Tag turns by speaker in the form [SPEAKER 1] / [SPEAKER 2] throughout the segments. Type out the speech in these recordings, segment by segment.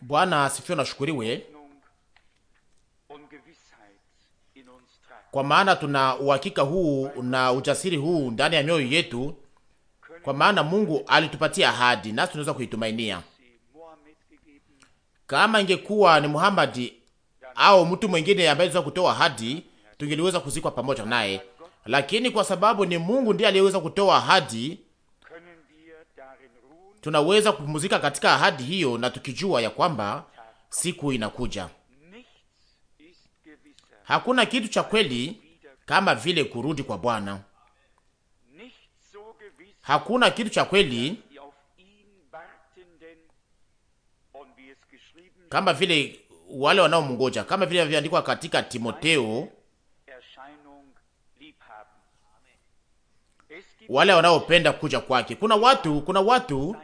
[SPEAKER 1] Bwana asifiwe na shukuriwe, kwa maana tuna uhakika huu na ujasiri huu ndani ya mioyo yetu, kwa maana Mungu alitupatia ahadi nasi tunaweza kuitumainia. Kama ingekuwa ni Muhammad au mtu mwingine ambaye anaweza kutoa ahadi, tungeliweza kuzikwa pamoja naye, lakini kwa sababu ni Mungu ndiye aliyeweza kutoa ahadi tunaweza kupumzika katika ahadi hiyo, na tukijua ya kwamba siku inakuja. Hakuna kitu cha kweli kama vile kurudi kwa Bwana. Hakuna kitu cha kweli kama vile wale wanaomngoja, kama vile vinavyoandikwa katika Timoteo, wale wanaopenda kuja kwake. Kuna watu, kuna watu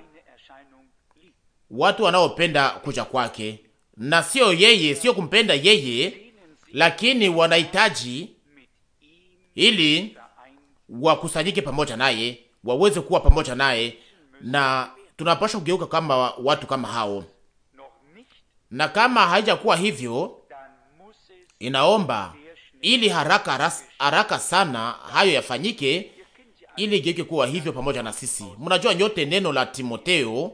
[SPEAKER 1] watu wanaopenda kuja kwake, na sio yeye, sio kumpenda yeye, lakini wanahitaji ili wakusanyike pamoja naye, waweze kuwa pamoja naye, na tunapaswa kugeuka kama watu kama hao, na kama haijakuwa hivyo, inaomba ili haraka haraka sana hayo yafanyike, ili igeuke kuwa hivyo pamoja na sisi. Mnajua nyote neno la Timoteo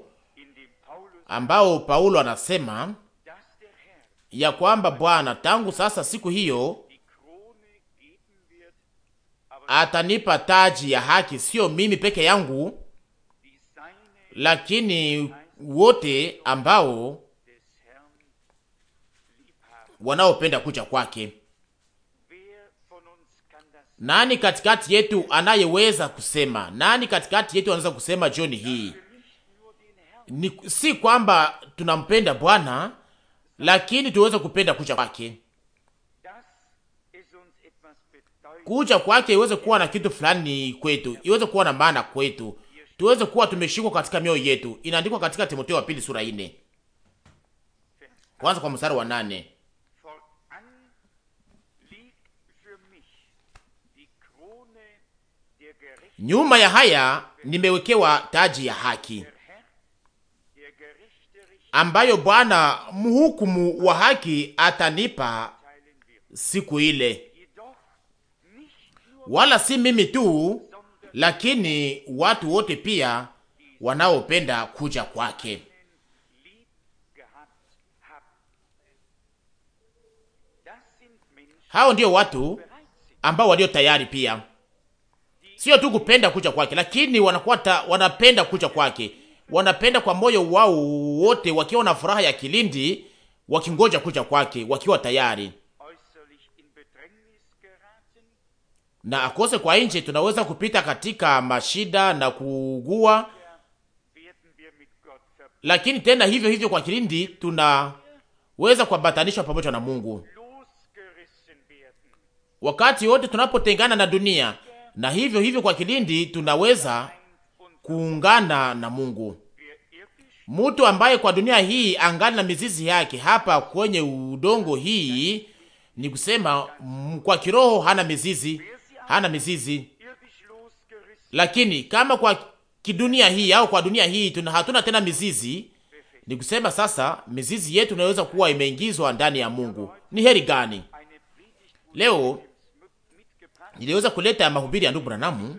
[SPEAKER 1] ambao Paulo anasema ya kwamba Bwana tangu sasa siku hiyo atanipa taji ya haki, sio mimi peke yangu, lakini wote ambao wanaopenda kuja kwake. Nani katikati yetu anayeweza kusema? Nani katikati yetu anaweza kusema jioni hii ni si kwamba tunampenda Bwana, lakini tuweze kupenda kuja kwake. Kuja kwake iweze kuwa na kitu fulani kwetu, iweze kuwa na maana kwetu, tuweze kuwa tumeshikwa katika mioyo yetu. Inaandikwa katika Timotheo wa pili sura ine kwanza kwa mstari wa nane nyuma ya haya nimewekewa taji ya haki ambayo Bwana mhukumu wa haki atanipa siku ile, wala si mimi tu, lakini watu wote pia wanaopenda kuja kwake. Hao ndio watu ambao walio tayari pia, sio tu kupenda kuja kwake, lakini wanakuwa wanapenda kuja kwake wanapenda kwa moyo wao wote, wakiwa na furaha ya kilindi, wakingoja kuja kwake, wakiwa tayari na akose kwa nje. Tunaweza kupita katika mashida na kuugua, lakini tena hivyo hivyo kwa kilindi tunaweza kuambatanishwa pamoja na Mungu wakati wote tunapotengana na dunia, na hivyo hivyo kwa kilindi tunaweza kuungana na Mungu. Mtu ambaye kwa dunia hii angali na mizizi yake hapa kwenye udongo hii, ni kusema kwa kiroho hana mizizi, hana mizizi. Lakini kama kwa kidunia hii au kwa dunia hii tuna hatuna tena mizizi, ni kusema sasa mizizi yetu inaweza kuwa imeingizwa ndani ya Mungu. Ni heri gani leo niliweza kuleta mahubiri ya ndugu Branamu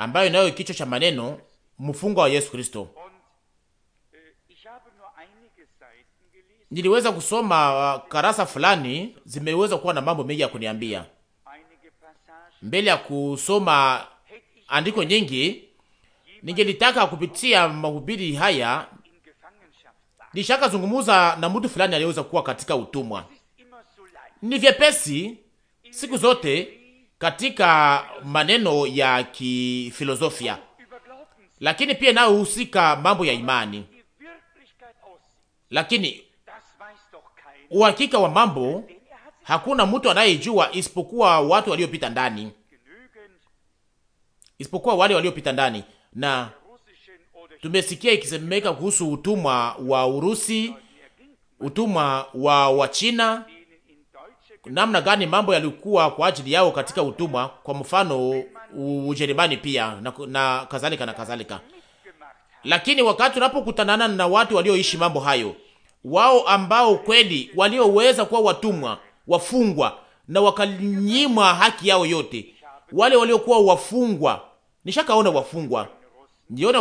[SPEAKER 1] ambayo inayo kichwa cha maneno mfungwa wa Yesu Kristo. Niliweza kusoma uh, karasa fulani, zimeweza kuwa na mambo mengi ya kuniambia mbele ya kusoma andiko nyingi. Ningelitaka kupitia mahubiri haya, nishaka zungumuza na mtu fulani aliyeweza kuwa katika utumwa. Ni vyepesi siku zote katika maneno ya kifilosofia, lakini pia inayohusika mambo ya imani. Lakini uhakika wa mambo hakuna mtu anayejua isipokuwa watu waliopita ndani, isipokuwa wale waliopita ndani. Na tumesikia ikisemeka kuhusu utumwa wa Urusi, utumwa wa Wachina namna gani mambo yalikuwa kwa ajili yao katika utumwa, kwa mfano Ujerumani pia na, na kadhalika na kadhalika. Lakini wakati unapokutanana na watu walioishi mambo hayo, wao ambao kweli walioweza kuwa watumwa, wafungwa na wakanyimwa haki yao yote, wale waliokuwa wafungwa, nishakaona wafungwa, niona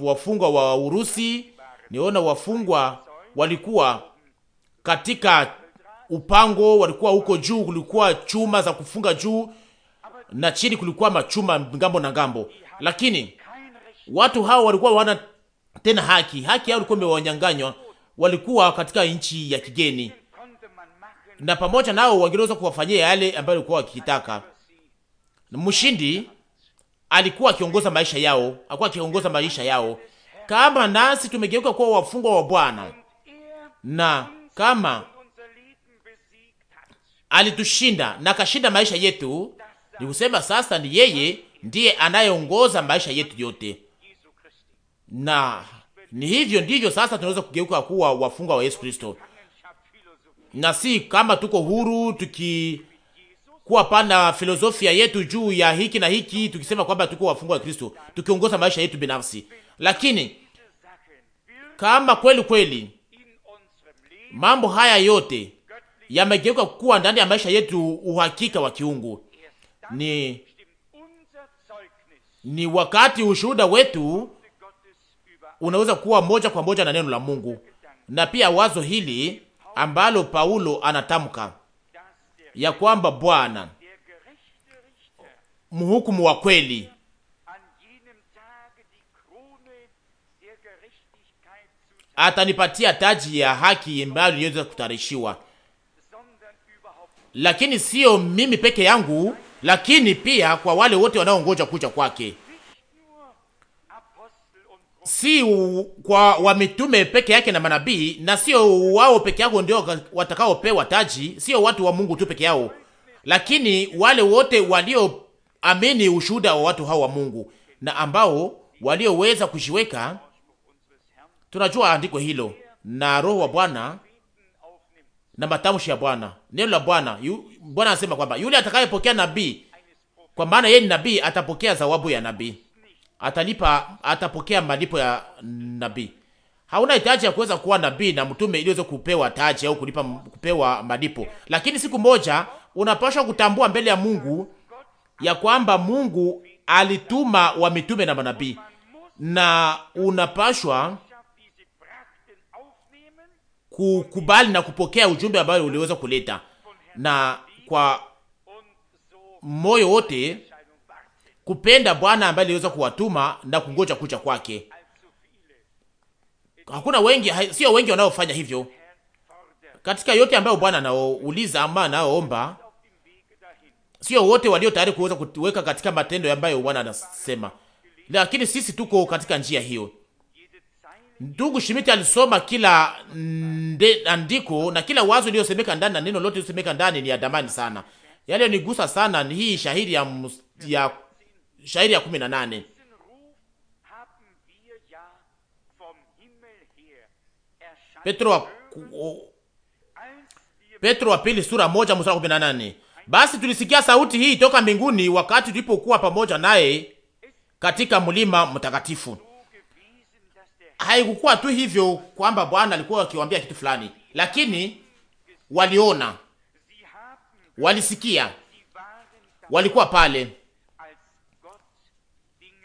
[SPEAKER 1] wafungwa wa Urusi, niona wafungwa walikuwa katika upango walikuwa huko juu, kulikuwa chuma za kufunga juu na chini kulikuwa machuma ngambo na ngambo, lakini watu hao walikuwa wana tena haki. Haki yao ilikuwa imewanyanganywa, walikuwa katika nchi ya kigeni, na pamoja nao wangeweza kuwafanyia yale ambayo walikuwa wakitaka. Mshindi alikuwa akiongoza maisha yao, alikuwa akiongoza maisha yao. Kama nasi tumegeuka kuwa wafungwa wa Bwana na kama alitushinda na akashinda maisha yetu, ni kusema sasa ni yeye ndiye anayeongoza maisha yetu yote, na ni hivyo ndivyo sasa tunaweza kugeuka kuwa wafungwa wa Yesu Kristo, na si kama tuko huru tukikuwa pana filosofia yetu juu ya hiki na hiki, tukisema kwamba tuko wafungwa wa Kristo, tukiongoza maisha yetu binafsi, lakini kama kweli kweli mambo haya yote yamegeuka kuwa ndani ya maisha yetu uhakika wa kiungu. Ni, ni wakati ushuhuda wetu unaweza kuwa moja kwa moja na neno la Mungu, na pia wazo hili ambalo Paulo anatamka ya kwamba Bwana mhukumu wa kweli atanipatia taji ya haki ambayo iliweza kutarishiwa lakini sio mimi peke yangu, lakini pia kwa wale wote wanaongoja kuja kwake, si kwa wamitume peke yake na manabii, na sio wao peke yao ndio watakaopewa taji, sio watu wa Mungu tu peke yao, lakini wale wote walioamini ushuhuda wa watu hao wa Mungu na ambao walioweza kujiweka. Tunajua andiko hilo na Roho wa Bwana na matamshi ya Bwana neno la Bwana. Bwana anasema kwamba yule atakayepokea nabii, kwa maana yeye ni nabii, atapokea zawabu ya nabii, atalipa, atapokea malipo ya nabii. Hauna hitaji ya kuweza kuwa nabii na mtume ili uweze kupewa taji au kulipa kupewa malipo, lakini siku moja unapaswa kutambua mbele ya Mungu ya kwamba Mungu alituma wa mitume na manabii na unapashwa kukubali na kupokea ujumbe ambao uliweza kuleta na kwa moyo wote kupenda Bwana ambaye aliweza kuwatuma na kungoja kucha kwake. Hakuna wengi, sio wengi wanaofanya hivyo. Katika yote ambayo Bwana anaouliza ama anaoomba, sio wote walio tayari kuweza kuweka katika matendo ambayo Bwana anasema, lakini sisi tuko katika njia hiyo. Ndugu Shimiti alisoma kila nde, andiko na kila wazo iliyosemeka ndani na neno lote liosemeka ndani ni ya damani sana. Yale yonigusa sana ni hii shahiri ya, ya shahiri ya 18. Petro wa, Petro wa pili sura moja mstari 18. Basi tulisikia sauti hii toka mbinguni wakati tulipokuwa pamoja naye katika mlima mtakatifu haikukuwa tu hivyo kwamba Bwana alikuwa akiwaambia kitu fulani, lakini waliona, walisikia, walikuwa pale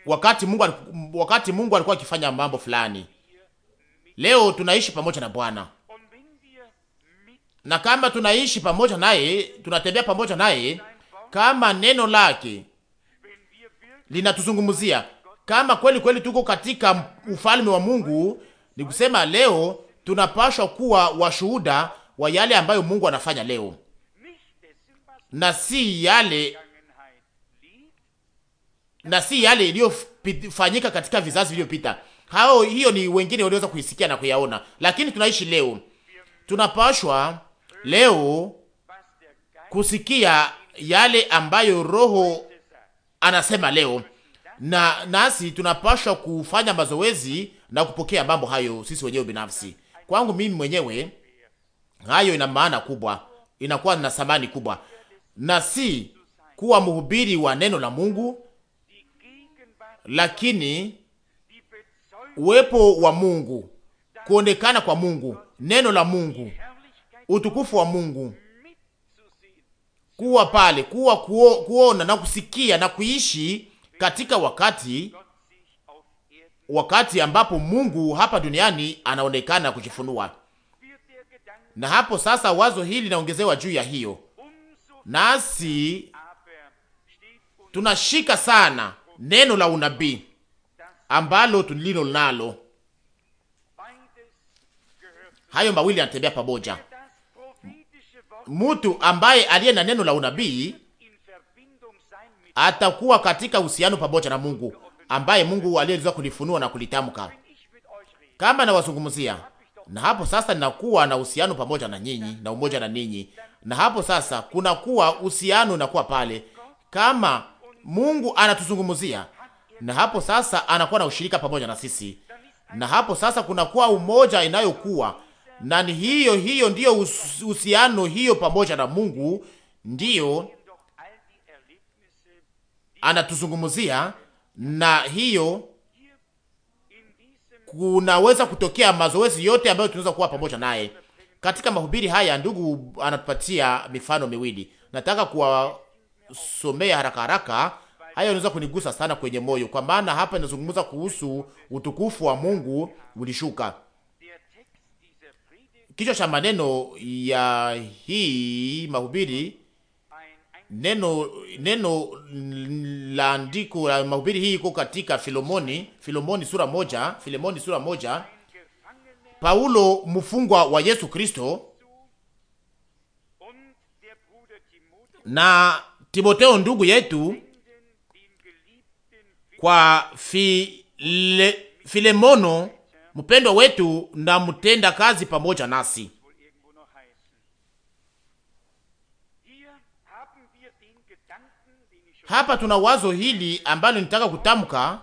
[SPEAKER 1] wakati Mungu, wakati Mungu alikuwa akifanya mambo fulani. Leo tunaishi pamoja na Bwana, na kama tunaishi pamoja naye, tunatembea pamoja naye, kama neno lake linatuzungumzia kama kweli kweli tuko katika ufalme wa Mungu, ni kusema leo tunapashwa kuwa washuhuda wa yale ambayo Mungu anafanya leo na si yale na si yale iliyofanyika katika vizazi vilivyopita. Hao hiyo ni wengine waliweza kuisikia na kuyaona, lakini tunaishi leo. Tunapashwa leo kusikia yale ambayo Roho anasema leo, na nasi tunapashwa kufanya mazoezi na kupokea mambo hayo sisi wenyewe binafsi. Kwangu mimi mwenyewe hayo ina maana kubwa, inakuwa na thamani kubwa, na si kuwa mhubiri wa neno la Mungu, lakini uwepo wa Mungu, kuonekana kwa Mungu, neno la Mungu, utukufu wa Mungu, kuwa pale, kuwa kuo, kuona na kusikia na kuishi katika wakati wakati ambapo Mungu hapa duniani anaonekana kujifunua. Na hapo sasa wazo hili linaongezewa juu ya hiyo, nasi tunashika sana neno la unabii ambalo tulilo nalo. Hayo mawili yanatembea pamoja. Mtu ambaye aliye na neno la unabii atakuwa katika uhusiano pamoja na Mungu ambaye Mungu aliyeweza kulifunua na kulitamka kama nawazungumzia. Na hapo sasa ninakuwa na uhusiano pamoja na nyinyi na umoja na ninyi, na hapo sasa kunakuwa uhusiano unakuwa pale, kama Mungu anatuzungumzia, na hapo sasa anakuwa na ushirika pamoja na sisi, na hapo sasa kunakuwa umoja inayokuwa na ni hiyo hiyo ndiyo uhusiano hiyo pamoja na Mungu ndiyo anatuzungumzia, na hiyo kunaweza kutokea mazoezi yote ambayo tunaweza kuwa pamoja naye katika mahubiri haya. Ndugu anatupatia mifano miwili, nataka kuwasomea haraka haraka. Hayo yanaweza kunigusa sana kwenye moyo, kwa maana hapa inazungumza kuhusu utukufu wa Mungu ulishuka. Kichwa cha maneno ya hii mahubiri neno neno la andiko la mahubiri hii iko katika Filomoni, Filomoni sura moja, Filemoni sura moja. Paulo mfungwa wa Yesu Kristo na Timoteo ndugu yetu kwa File, Filemono mpendwa wetu na mtenda kazi pamoja nasi. Hapa tuna wazo hili ambalo nitaka kutamka,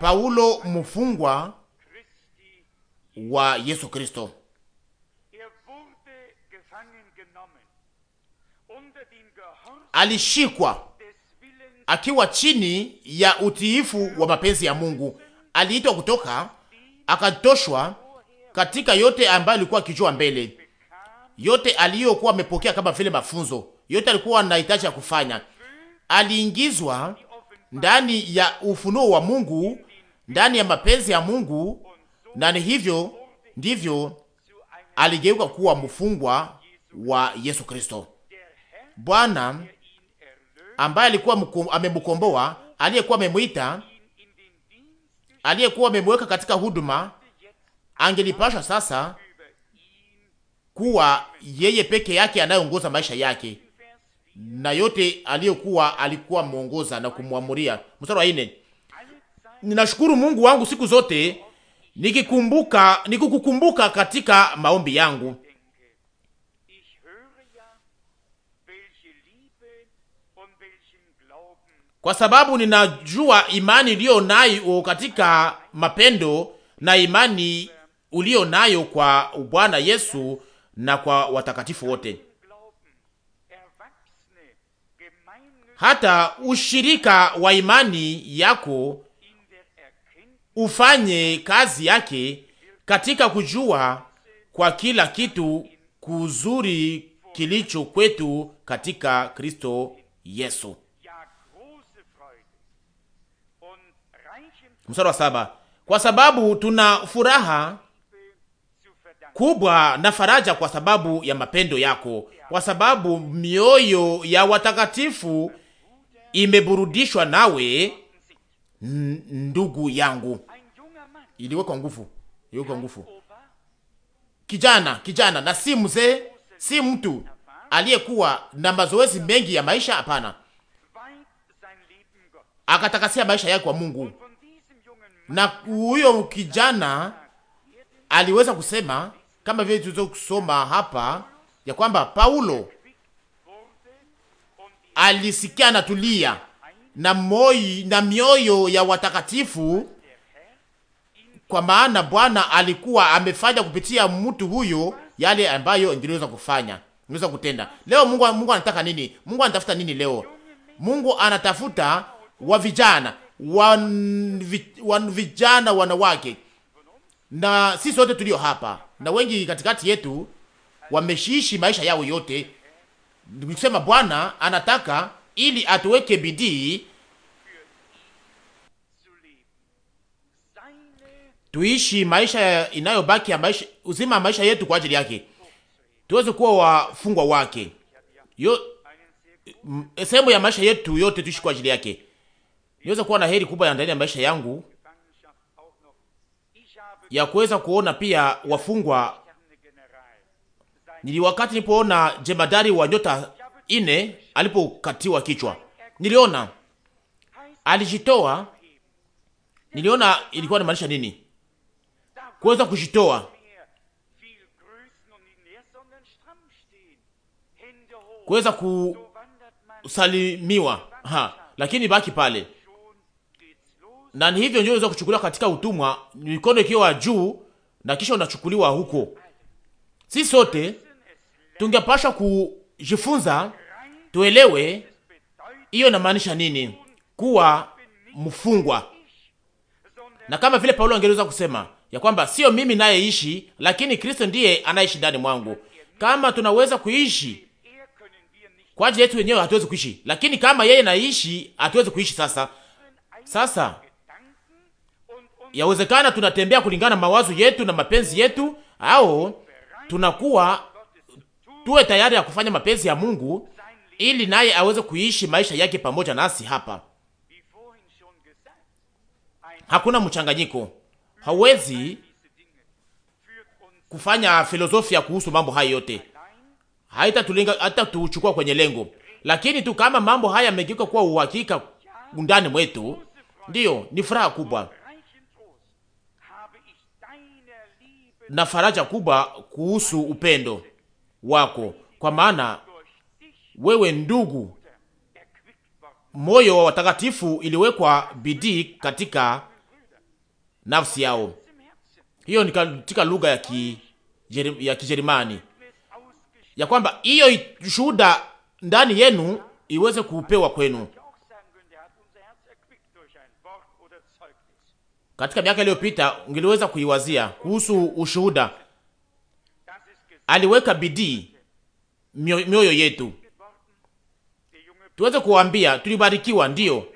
[SPEAKER 1] Paulo mfungwa wa Yesu Kristo alishikwa akiwa chini ya utiifu wa mapenzi ya Mungu. Aliitwa kutoka, akatoshwa katika yote ambayo alikuwa akijua mbele, yote aliyokuwa amepokea kama vile mafunzo, yote alikuwa anahitaji ya kufanya aliingizwa ndani ya ufunuo wa Mungu, ndani ya mapenzi ya Mungu, na ni hivyo ndivyo aligeuka kuwa mfungwa wa Yesu Kristo. Bwana ambaye alikuwa amemkomboa, aliyekuwa amemwita, aliyekuwa amemweka katika huduma, angelipasha sasa kuwa yeye peke yake anayeongoza maisha yake, na yote aliyokuwa alikuwa mwongoza na kumwamuria. Mstari wa nne, ninashukuru Mungu wangu siku zote nikikumbuka nikukukumbuka katika maombi yangu. Kwa sababu ninajua imani iliyo nayo katika mapendo na imani uliyo nayo kwa Bwana Yesu na kwa watakatifu wote. hata ushirika wa imani yako ufanye kazi yake katika kujua kwa kila kitu kuzuri kilicho kwetu katika Kristo Yesu. Mstari wa saba. Kwa sababu tuna furaha kubwa na faraja kwa sababu ya mapendo yako, kwa sababu mioyo ya watakatifu imeburudishwa nawe ndugu yangu. Iliwe kwa nguvu, iliwe kwa nguvu. Kijana, kijana na si mzee, si mtu aliyekuwa na mazoezi mengi ya maisha. Hapana, akatakasia maisha yake kwa Mungu, na huyo kijana aliweza kusema kama vile tulizo kusoma hapa ya kwamba Paulo alisikia natulia na moyo na mioyo ya watakatifu, kwa maana Bwana alikuwa amefanya kupitia mtu huyo yale ambayo ingeweza kufanya, ingeweza kutenda. Leo Mungu, Mungu anataka nini? Mungu anatafuta nini leo? Mungu anatafuta wa vijana wa vijana wanawake, na sisi wote tulio hapa na wengi katikati yetu wameshiishi maisha yao yote nikusema Bwana anataka ili atuweke bidii tuishi maisha inayobaki ya maisha uzima maisha yetu kwa ajili yake, tuweze kuwa wafungwa wake yo sehemu ya maisha yetu yote tuishi kwa ajili yake. Niweza kuwa na heri kubwa ya ndani ya maisha yangu ya kuweza kuona pia wafungwa Nili wakati nilipoona jemadari wa nyota ine alipokatiwa kichwa, niliona alijitoa. Niliona ilikuwa inamaanisha nini kuweza kujitoa, kuweza kusalimiwa ha, lakini baki pale, na ni hivyo ndio unaweza kuchukuliwa katika utumwa, mikono ikiwa juu na kisha unachukuliwa huko. Si sote tungepasha kujifunza tuelewe hiyo inamaanisha nini kuwa mfungwa, na kama vile Paulo angeweza kusema ya kwamba sio mimi nayeishi, lakini Kristo ndiye anaishi ndani mwangu. Kama tunaweza kuishi kwa ajili yetu wenyewe, hatuwezi kuishi, lakini kama yeye naishi, hatuwezi kuishi. Sasa sasa yawezekana tunatembea kulingana mawazo yetu na mapenzi yetu, au tunakuwa tuwe tayari ya kufanya mapenzi ya Mungu ili naye aweze kuishi maisha yake pamoja nasi hapa. Hakuna mchanganyiko, hauwezi kufanya filosofia kuhusu mambo hayo yote, haitatulenga hata tuchukua kwenye lengo. Lakini tu kama mambo haya yamegeuka kuwa uhakika ndani mwetu, ndiyo ni furaha kubwa na faraja kubwa kuhusu upendo wako, kwa maana wewe ndugu, moyo wa watakatifu iliwekwa bidii katika nafsi yao. Hiyo ni katika lugha ya ki ya Kijerumani ya kwamba hiyo shuhuda ndani yenu iweze kupewa kwenu. Katika miaka iliyopita ungeliweza kuiwazia kuhusu ushuhuda aliweka bidii mioyo yetu, tuweze kuwambia tulibarikiwa. Ndiyo,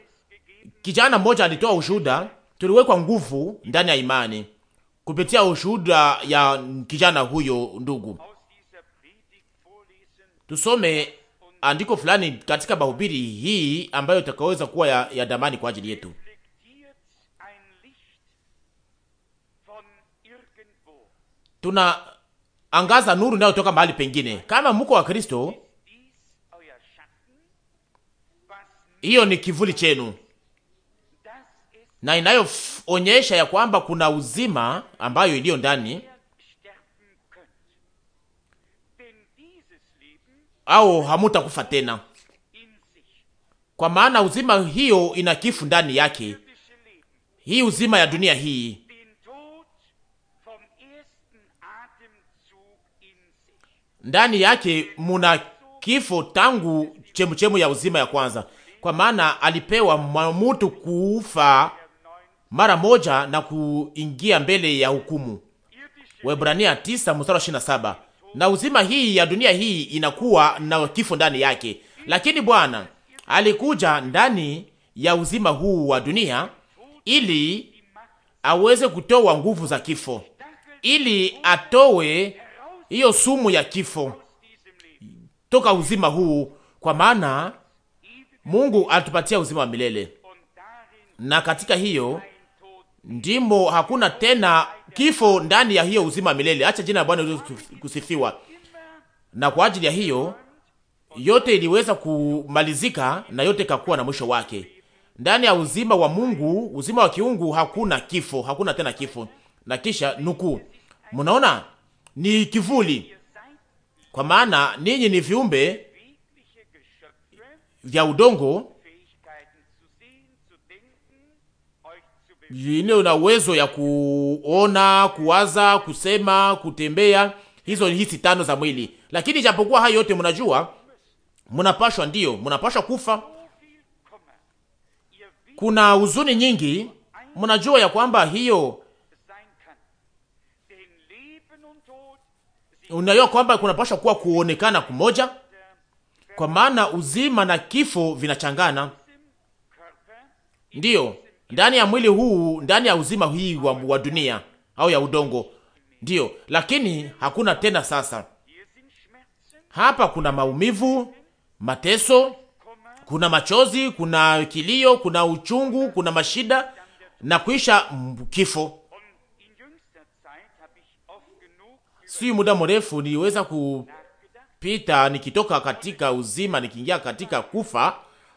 [SPEAKER 1] kijana mmoja alitoa ushuhuda, tuliwekwa nguvu ndani ya imani kupitia ushuhuda ya kijana huyo. Ndugu, tusome andiko fulani katika mahubiri hii ambayo itakaweza kuwa ya, ya damani kwa ajili yetu. Tuna angaza nuru inayotoka mahali pengine. Kama mko wa Kristo, hiyo ni kivuli chenu na inayoonyesha ya kwamba kuna uzima ambayo iliyo ndani au hamutakufa tena, kwa maana uzima hiyo ina kifu ndani yake, hii uzima ya dunia hii ndani yake muna kifo tangu chemuchemu ya uzima ya kwanza, kwa maana alipewa mtu kuufa mara moja na kuingia mbele ya hukumu. Waebrania 9 mstari 27. Na uzima hii ya dunia hii inakuwa na kifo ndani yake, lakini Bwana alikuja ndani ya uzima huu wa dunia ili aweze kutoa nguvu za kifo, ili atowe hiyo sumu ya kifo toka uzima huu, kwa maana Mungu atupatia uzima wa milele, na katika hiyo ndimo hakuna tena kifo ndani ya hiyo uzima wa milele. Acha jina la Bwana kusifiwa. Na kwa ajili ya hiyo yote iliweza kumalizika na yote ikakuwa na mwisho wake. Ndani ya uzima wa Mungu, uzima wa kiungu, hakuna kifo, hakuna tena kifo. Na kisha nukuu, mnaona ni kivuli, kwa maana ninyi ni viumbe vya udongo iliyo na uwezo ya kuona, kuwaza, kusema, kutembea. Hizo ni hisi tano za mwili, lakini japokuwa hayo yote mnajua, mnapashwa ndiyo, mnapashwa kufa. Kuna huzuni nyingi, mnajua ya kwamba hiyo unayo kwamba kunapaswa kuwa kuonekana kumoja, kwa maana uzima na kifo vinachangana, ndiyo ndani ya mwili huu, ndani ya uzima hii wa, wa dunia au ya udongo, ndiyo. Lakini hakuna tena sasa. Hapa kuna maumivu, mateso, kuna machozi, kuna kilio, kuna uchungu, kuna mashida na kuisha kifo. si muda mrefu niliweza kupita nikitoka katika uzima nikiingia katika kufa.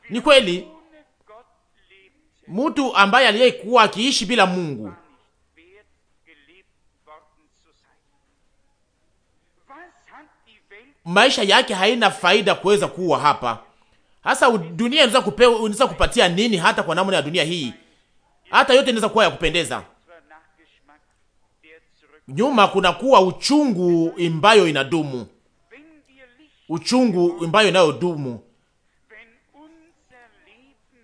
[SPEAKER 1] Ni kweli mtu ambaye aliyekuwa akiishi bila Mungu maisha yake haina faida kuweza kuwa hapa. Hasa dunia inaweza kupewa, inaweza kupatia nini hata kwa namna ya dunia hii? Hata yote inaweza kuwa ya kupendeza nyuma kunakuwa uchungu imbayo inadumu, uchungu imbayo inayodumu.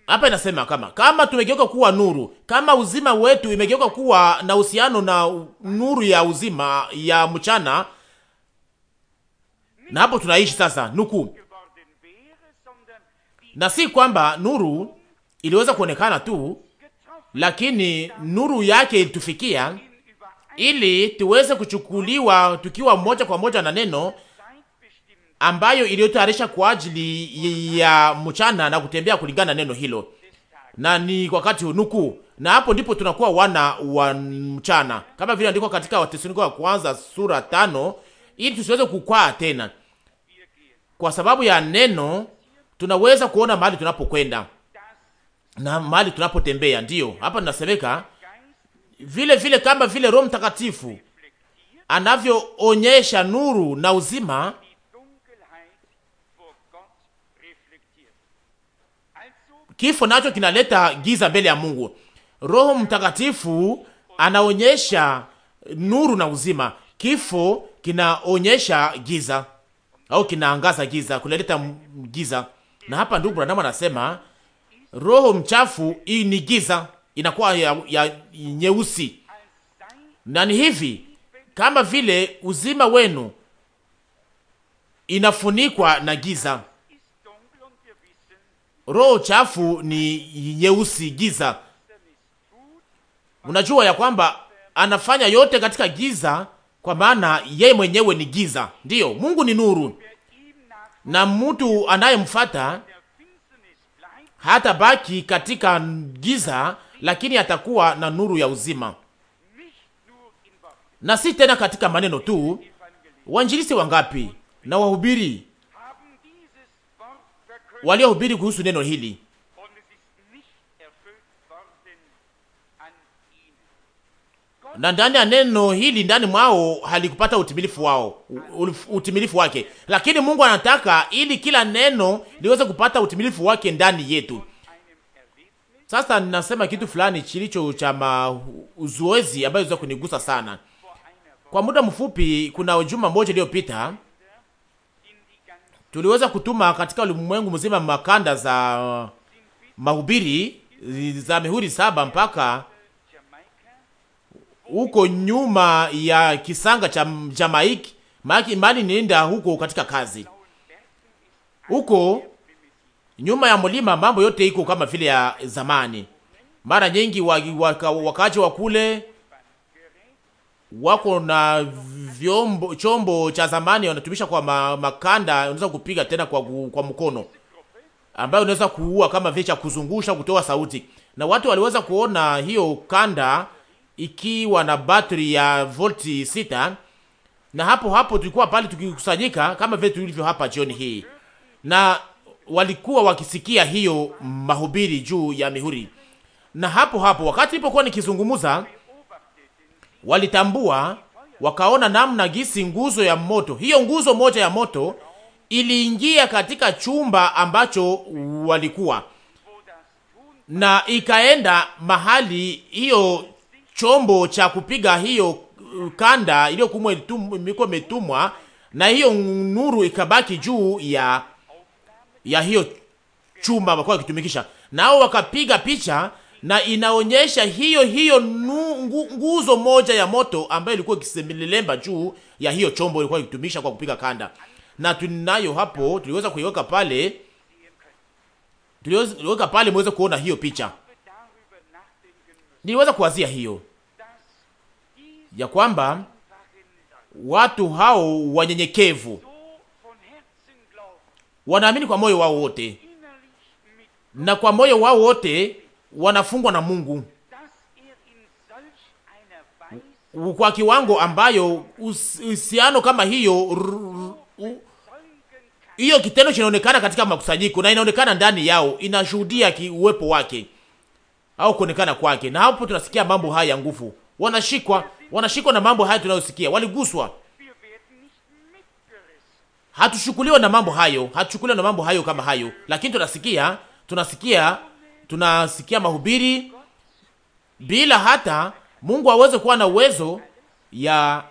[SPEAKER 1] Hapa inasema kama kama tumegeuka kuwa nuru, kama uzima wetu imegeuka kuwa na uhusiano na nuru ya uzima ya mchana, na hapo tunaishi sasa nuku, na si kwamba nuru iliweza kuonekana tu, lakini nuru yake ilitufikia ili tuweze kuchukuliwa tukiwa moja kwa moja na neno ambayo iliyotayarisha kwa ajili ya mchana na kutembea kulingana na neno hilo, na ni wakati unuku na hapo ndipo tunakuwa wana wa mchana, kama vile andiko katika Wathesalonike wa kwanza sura tano, ili tusiweze kukwaa tena. Kwa sababu ya neno tunaweza kuona mahali tunapokwenda na mahali tunapotembea. Ndiyo hapa ninasemeka vile vile kama vile Roho Mtakatifu anavyoonyesha nuru na uzima kifo nacho kinaleta giza mbele ya Mungu. Roho Mtakatifu anaonyesha nuru na uzima, kifo kinaonyesha giza au kinaangaza giza, kunaleta giza. Na hapa ndugu Branham anasema roho mchafu hii ni giza, inakuwa ya, ya nyeusi. Na ni hivi kama vile uzima wenu inafunikwa na giza. Roho chafu ni nyeusi, giza. unajua ya kwamba anafanya yote katika giza, kwa maana yeye mwenyewe ni giza. Ndiyo, Mungu ni nuru, na mtu anayemfata hata baki katika giza, lakini atakuwa na nuru ya uzima, na si tena katika maneno tu. wanjilisi wangapi na wahubiri waliohubiri kuhusu neno hili na ndani ya neno hili ndani mwao halikupata utimilifu wao utimilifu wake, lakini Mungu anataka ili kila neno liweze kupata utimilifu wake ndani yetu. Sasa ninasema kitu fulani kilicho cha uzoezi ambayo inaweza kunigusa sana. Kwa muda mfupi, kuna juma moja iliyopita tuliweza kutuma katika ulimwengu mzima makanda za mahubiri za mihuri saba mpaka huko nyuma ya kisanga cha Jamaiki mali nienda huko katika kazi huko Nyuma ya mlima mambo yote iko kama vile ya zamani. Mara nyingi waka, wakaaji wa kule wako na vyombo chombo cha zamani wanatumisha kwa ma, makanda, unaweza kupiga tena kwa, kwa mkono ambayo unaweza kuua kama vile cha kuzungusha kutoa sauti, na watu waliweza kuona hiyo kanda ikiwa na battery ya volti sita, na hapo hapo tulikuwa pale tukikusanyika kama vile tulivyo hapa jioni hii na walikuwa wakisikia hiyo mahubiri juu ya mihuri, na hapo hapo wakati nilipokuwa nikizungumza, walitambua wakaona namna gisi nguzo ya moto, hiyo nguzo moja ya moto iliingia katika chumba ambacho walikuwa na ikaenda mahali hiyo chombo cha kupiga hiyo kanda iliyokuwa imetumwa, na hiyo nuru ikabaki juu ya ya hiyo chumba walikuwa wakitumikisha, nao wakapiga picha na inaonyesha hiyo hiyo nungu, nguzo moja ya moto ambayo ilikuwa ikisemelemba juu ya hiyo chombo ilikuwa ikitumisha kwa kupiga kanda, na tunayo hapo, tuliweza kuiweka pale, tuliweka pale muweze kuona hiyo picha. Niliweza kuwazia hiyo ya kwamba watu hao wanyenyekevu wanaamini kwa moyo wao wote, na kwa moyo wao wote wanafungwa na Mungu kwa kiwango ambayo uhusiano kama hiyo hiyo kitendo kinaonekana katika makusanyiko na inaonekana ndani yao, inashuhudia uwepo wake au kuonekana kwake. Na hapo tunasikia mambo haya ya nguvu, wanashikwa wanashikwa na mambo haya tunayosikia, waliguswa Hatushukuliwa na mambo hayo, hatushukuliwe na mambo hayo kama hayo, lakini tunasikia, tunasikia, tunasikia mahubiri bila hata Mungu aweze kuwa na uwezo ya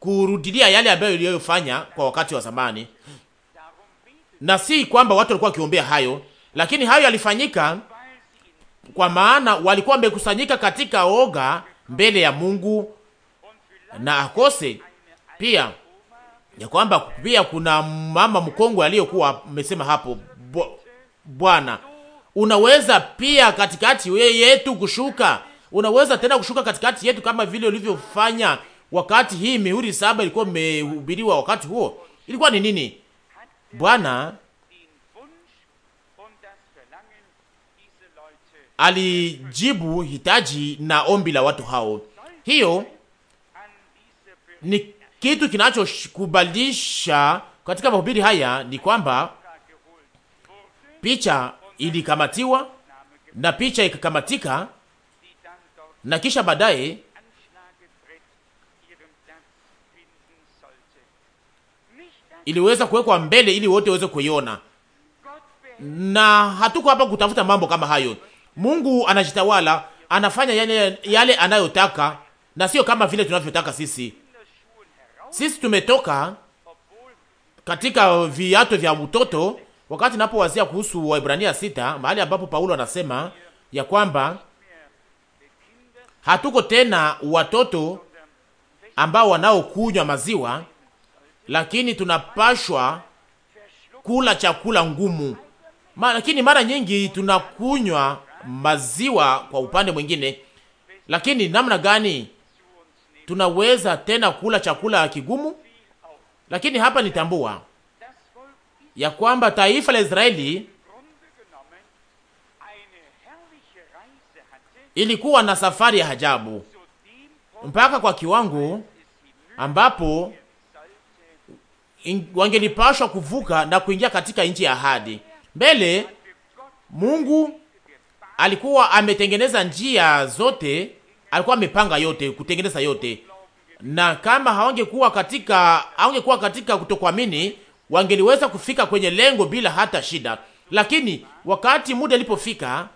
[SPEAKER 1] kurudilia yale ambayo iliyofanya kwa wakati wa zamani, na si kwamba watu walikuwa wakiombea hayo, lakini hayo yalifanyika kwa maana walikuwa wamekusanyika katika oga mbele ya Mungu na akose pia ya kwamba pia kuna mama mkongwe aliyokuwa amesema hapo, Bwana, unaweza pia katikati yetu kushuka, unaweza tena kushuka katikati yetu kama vile ulivyofanya wakati hii mihuri saba ilikuwa imehubiriwa. Wakati huo ilikuwa ni nini? Bwana alijibu hitaji na ombi la watu hao. Hiyo ni kitu kinachokubalisha katika mahubiri haya ni kwamba picha ilikamatiwa na picha ikakamatika, na kisha baadaye iliweza kuwekwa mbele ili wote waweze kuiona, na hatuko hapa kutafuta mambo kama hayo. Mungu anajitawala, anafanya yale, yale anayotaka na sio kama vile tunavyotaka sisi. Sisi tumetoka katika viatu vya utoto, wakati napowazia kuhusu Waebrania sita, mahali ambapo Paulo anasema ya kwamba hatuko tena watoto ambao wanaokunywa maziwa, lakini tunapashwa kula chakula ngumu. Ma, lakini mara nyingi tunakunywa maziwa kwa upande mwingine, lakini namna gani tunaweza tena kula chakula kigumu, lakini hapa nitambua ya kwamba taifa la Israeli ilikuwa na safari ya hajabu mpaka kwa kiwango ambapo wangelipashwa kuvuka na kuingia katika nchi ya ahadi. Mbele Mungu alikuwa ametengeneza njia zote alikuwa amepanga yote, kutengeneza yote, na kama hawangekuwa katika hawangekuwa katika kutokuamini, wangeliweza kufika kwenye lengo bila hata shida. Lakini wakati muda ilipofika,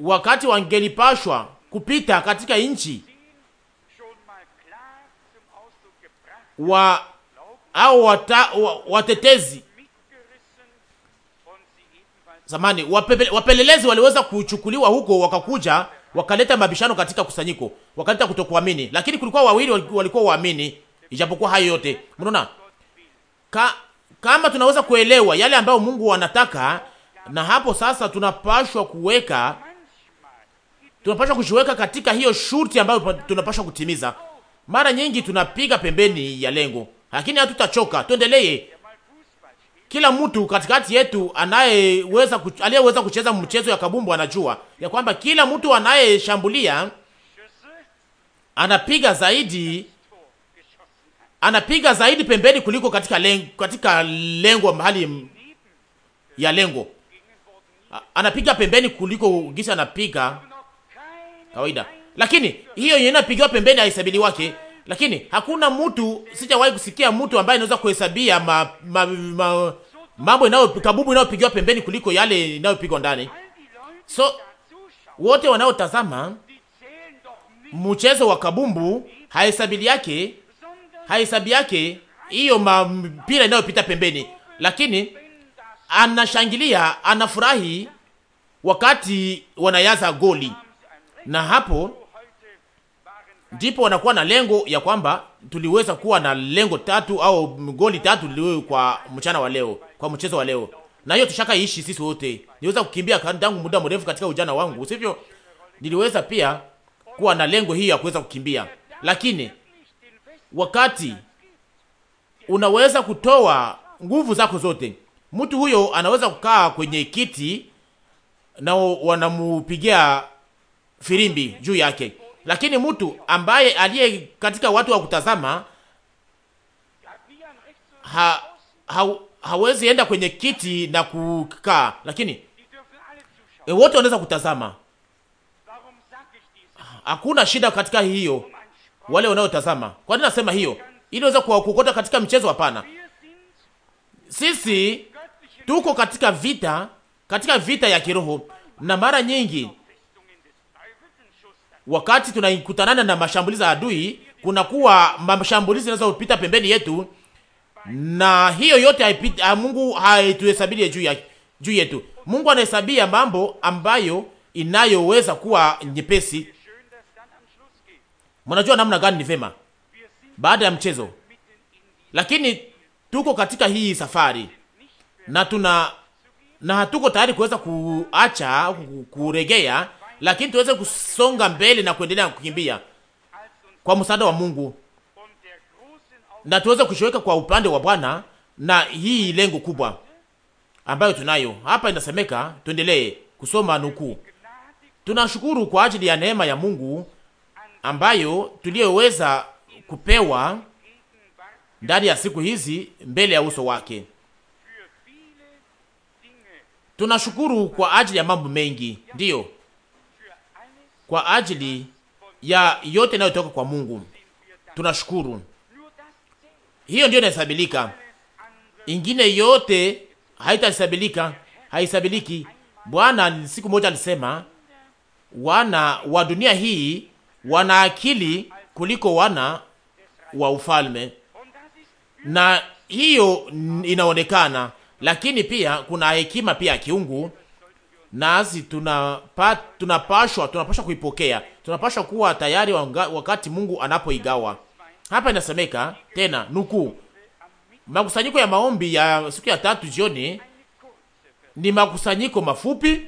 [SPEAKER 1] wakati wangelipashwa kupita katika nchi wa au wata, watetezi zamani wapelelezi waliweza kuchukuliwa huko wakakuja wakaleta mabishano katika kusanyiko, wakaleta kutokuamini, lakini kulikuwa wawili walikuwa waamini, ijapokuwa hayo yote. Mnaona ka, kama tunaweza kuelewa yale ambayo Mungu anataka, na hapo sasa tunapashwa kuweka tunapashwa kujiweka katika hiyo shurti ambayo tunapashwa kutimiza. Mara nyingi tunapiga pembeni ya lengo, lakini hatutachoka, tuendelee kila mtu katikati yetu anayeweza aliyeweza kucheza mchezo ya kabumbu anajua ya kwamba kila mtu anayeshambulia anapiga zaidi anapiga zaidi pembeni kuliko katika lengo, katika lengo mahali ya lengo anapiga pembeni kuliko gisa anapiga kawaida, lakini hiyo yenye inapigiwa pembeni haisabili wake. Lakini hakuna mtu, sijawahi kusikia mtu ambaye anaweza kuhesabia ma, ma, ma, mambo inayo kabubu inayopigiwa pembeni kuliko yale inayopigwa ndani. So wote wanaotazama mchezo wa kabumbu hahesabi yake hahesabi yake hiyo mpira inayopita pembeni, lakini anashangilia anafurahi wakati wanayaza goli, na hapo ndipo wanakuwa na lengo ya kwamba tuliweza kuwa na lengo tatu au goli tatu kwa mchana wa leo, kwa mchezo wa leo, na hiyo tushakaishi sisi wote. Niweza kukimbia tangu muda mrefu katika ujana wangu, sivyo? Niliweza pia kuwa na lengo hiyo ya kuweza kukimbia, lakini wakati unaweza kutoa nguvu zako zote, mtu huyo anaweza kukaa kwenye kiti na wanamupigia firimbi juu yake lakini mtu ambaye aliye katika watu wa kutazama ha, ha, hawezi enda kwenye kiti na kukaa, lakini e, wote wanaweza kutazama. Hakuna shida katika hiyo. Wale wanaotazama, kwa nini nasema hiyo? Ili naweza kuwakokota katika mchezo? Hapana, sisi tuko katika vita, katika vita ya kiroho, na mara nyingi wakati tunaikutanana na mashambulizi ya adui, kunakuwa mashambulizi kupita pembeni yetu, na hiyo yote haipita. Ah, Mungu haituhesabie juu ya juu yetu. Mungu anahesabia mambo ambayo inayoweza kuwa nyepesi. Mnajua namna gani? Ni vema baada ya mchezo, lakini tuko katika hii safari na tuna na hatuko tayari kuweza kuacha kuregea lakini tuweze kusonga mbele na kuendelea kukimbia kwa msaada wa Mungu, na tuweze kushoweka kwa upande wa Bwana, na hii lengo kubwa ambayo tunayo hapa. Inasemeka, tuendelee kusoma nukuu: tunashukuru kwa ajili ya neema ya Mungu ambayo tuliyoweza kupewa ndani ya siku hizi mbele ya uso wake. Tunashukuru kwa ajili ya mambo mengi, ndiyo kwa ajili ya yote inayotoka kwa Mungu. Tunashukuru, hiyo ndio inahesabilika, ingine yote haitahesabilika, haisabiliki. Bwana siku moja alisema wana wa dunia hii wana akili kuliko wana wa ufalme, na hiyo inaonekana, lakini pia kuna hekima pia ya kiungu nasi tunapa, tunapashwa tunapashwa kuipokea, tunapashwa kuwa tayari wakati Mungu anapoigawa. Hapa inasemeka tena nuku, makusanyiko ya maombi ya siku ya tatu jioni ni makusanyiko mafupi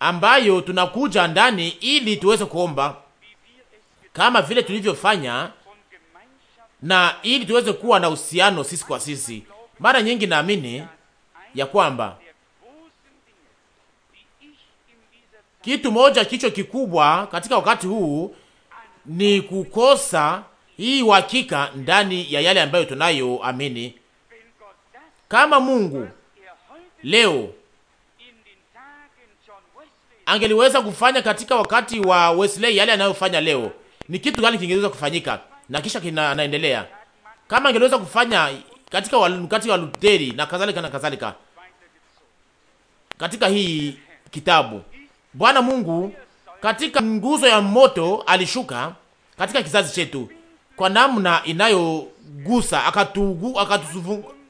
[SPEAKER 1] ambayo tunakuja ndani ili tuweze kuomba kama vile tulivyofanya na ili tuweze kuwa na uhusiano sisi kwa sisi. Mara nyingi naamini ya kwamba Kitu moja kicho kikubwa katika wakati huu ni kukosa hii uhakika ndani ya yale ambayo tunayo amini. Kama Mungu leo angeliweza kufanya katika wakati wa Wesley yale anayofanya leo, ni kitu gani kingeweza kufanyika? Na kisha kinaendelea kama angeliweza kufanya katika wakati wa Lutheri na kadhalika na kadhalika, katika hii kitabu Bwana Mungu katika nguzo ya moto alishuka katika kizazi chetu kwa namna inayogusa, akatugu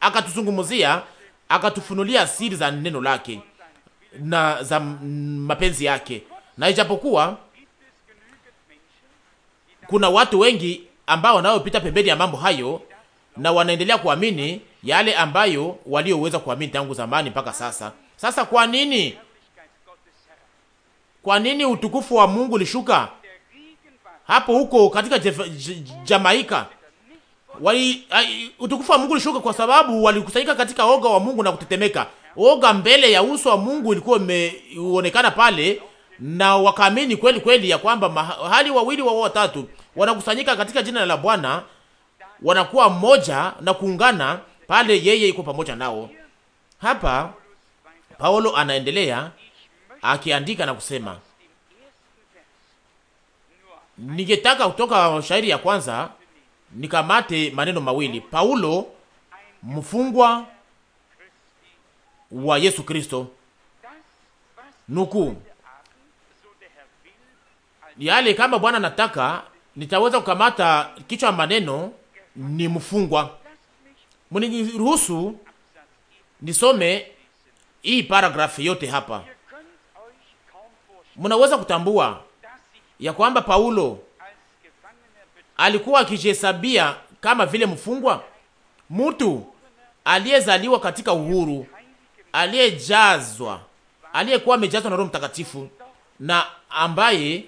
[SPEAKER 1] akatuzungumzia, akatufunulia siri za neno lake na za mapenzi yake, na ijapokuwa kuna watu wengi ambao wanayopita pembeni ya mambo hayo na wanaendelea kuamini yale ambayo walioweza kuamini tangu zamani mpaka sasa. Sasa kwa nini kwa nini utukufu wa Mungu ulishuka hapo huko katika Jamaika? Wali, uh, utukufu wa Mungu ulishuka kwa sababu walikusanyika katika oga wa Mungu na kutetemeka. Oga mbele ya uso wa Mungu ilikuwa imeonekana pale, na wakaamini kweli kweli ya kwamba mahali wawili wa watatu wanakusanyika katika jina la Bwana wanakuwa mmoja na kuungana pale, yeye iko pamoja nao. Hapa Paulo anaendelea akiandika na kusema, ningetaka kutoka shairi ya kwanza nikamate maneno mawili: Paulo mfungwa wa Yesu Kristo. Nuku yale kama Bwana nataka nitaweza kukamata kichwa maneno ni mfungwa. Mniruhusu nisome hii paragrafu yote hapa. Mnaweza kutambua ya kwamba Paulo alikuwa akijihesabia kama vile mfungwa, mtu aliyezaliwa katika uhuru, aliyejazwa, aliyekuwa amejazwa na Roho Mtakatifu na ambaye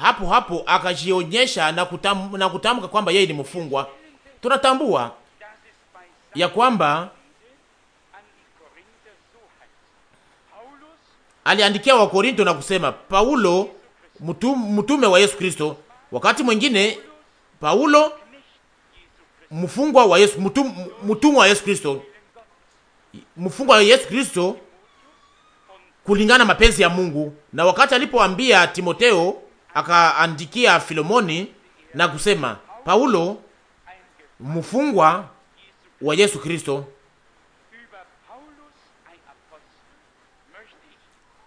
[SPEAKER 1] hapo hapo akajionyesha na, kutam, na kutamka kwamba yeye ni mfungwa. Tunatambua ya kwamba aliandikia Wakorinto na kusema, Paulo mtume wa Yesu Kristo. Wakati mwingine Paulo mfungwa wa Yesu, mtumwa wa Yesu Kristo, mfungwa wa Yesu Kristo kulingana mapenzi ya Mungu. Na wakati alipoambia Timoteo, akaandikia Filomoni na kusema, Paulo mfungwa wa Yesu Kristo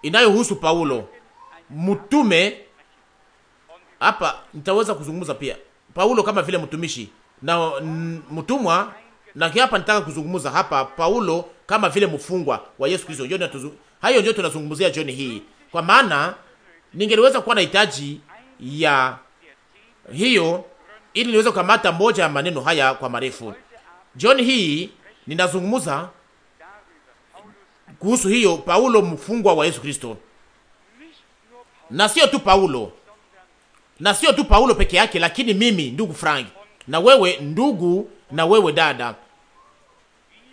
[SPEAKER 1] inayohusu Paulo mtume. Hapa nitaweza kuzungumza pia Paulo kama vile mtumishi na mtumwa, na hapa nitaka kuzungumza hapa Paulo kama vile mfungwa wa Yesu Kristo. Ndio hayo ndio tunazungumzia jioni hii, kwa maana ningeliweza kuwa na hitaji ya hiyo ili niweze kukamata moja ya maneno haya kwa marefu. Jioni hii ninazungumza kuhusu hiyo Paulo mfungwa wa Yesu Kristo, na sio tu Paulo na sio tu Paulo peke yake, lakini mimi ndugu Frank, na wewe ndugu, na wewe dada,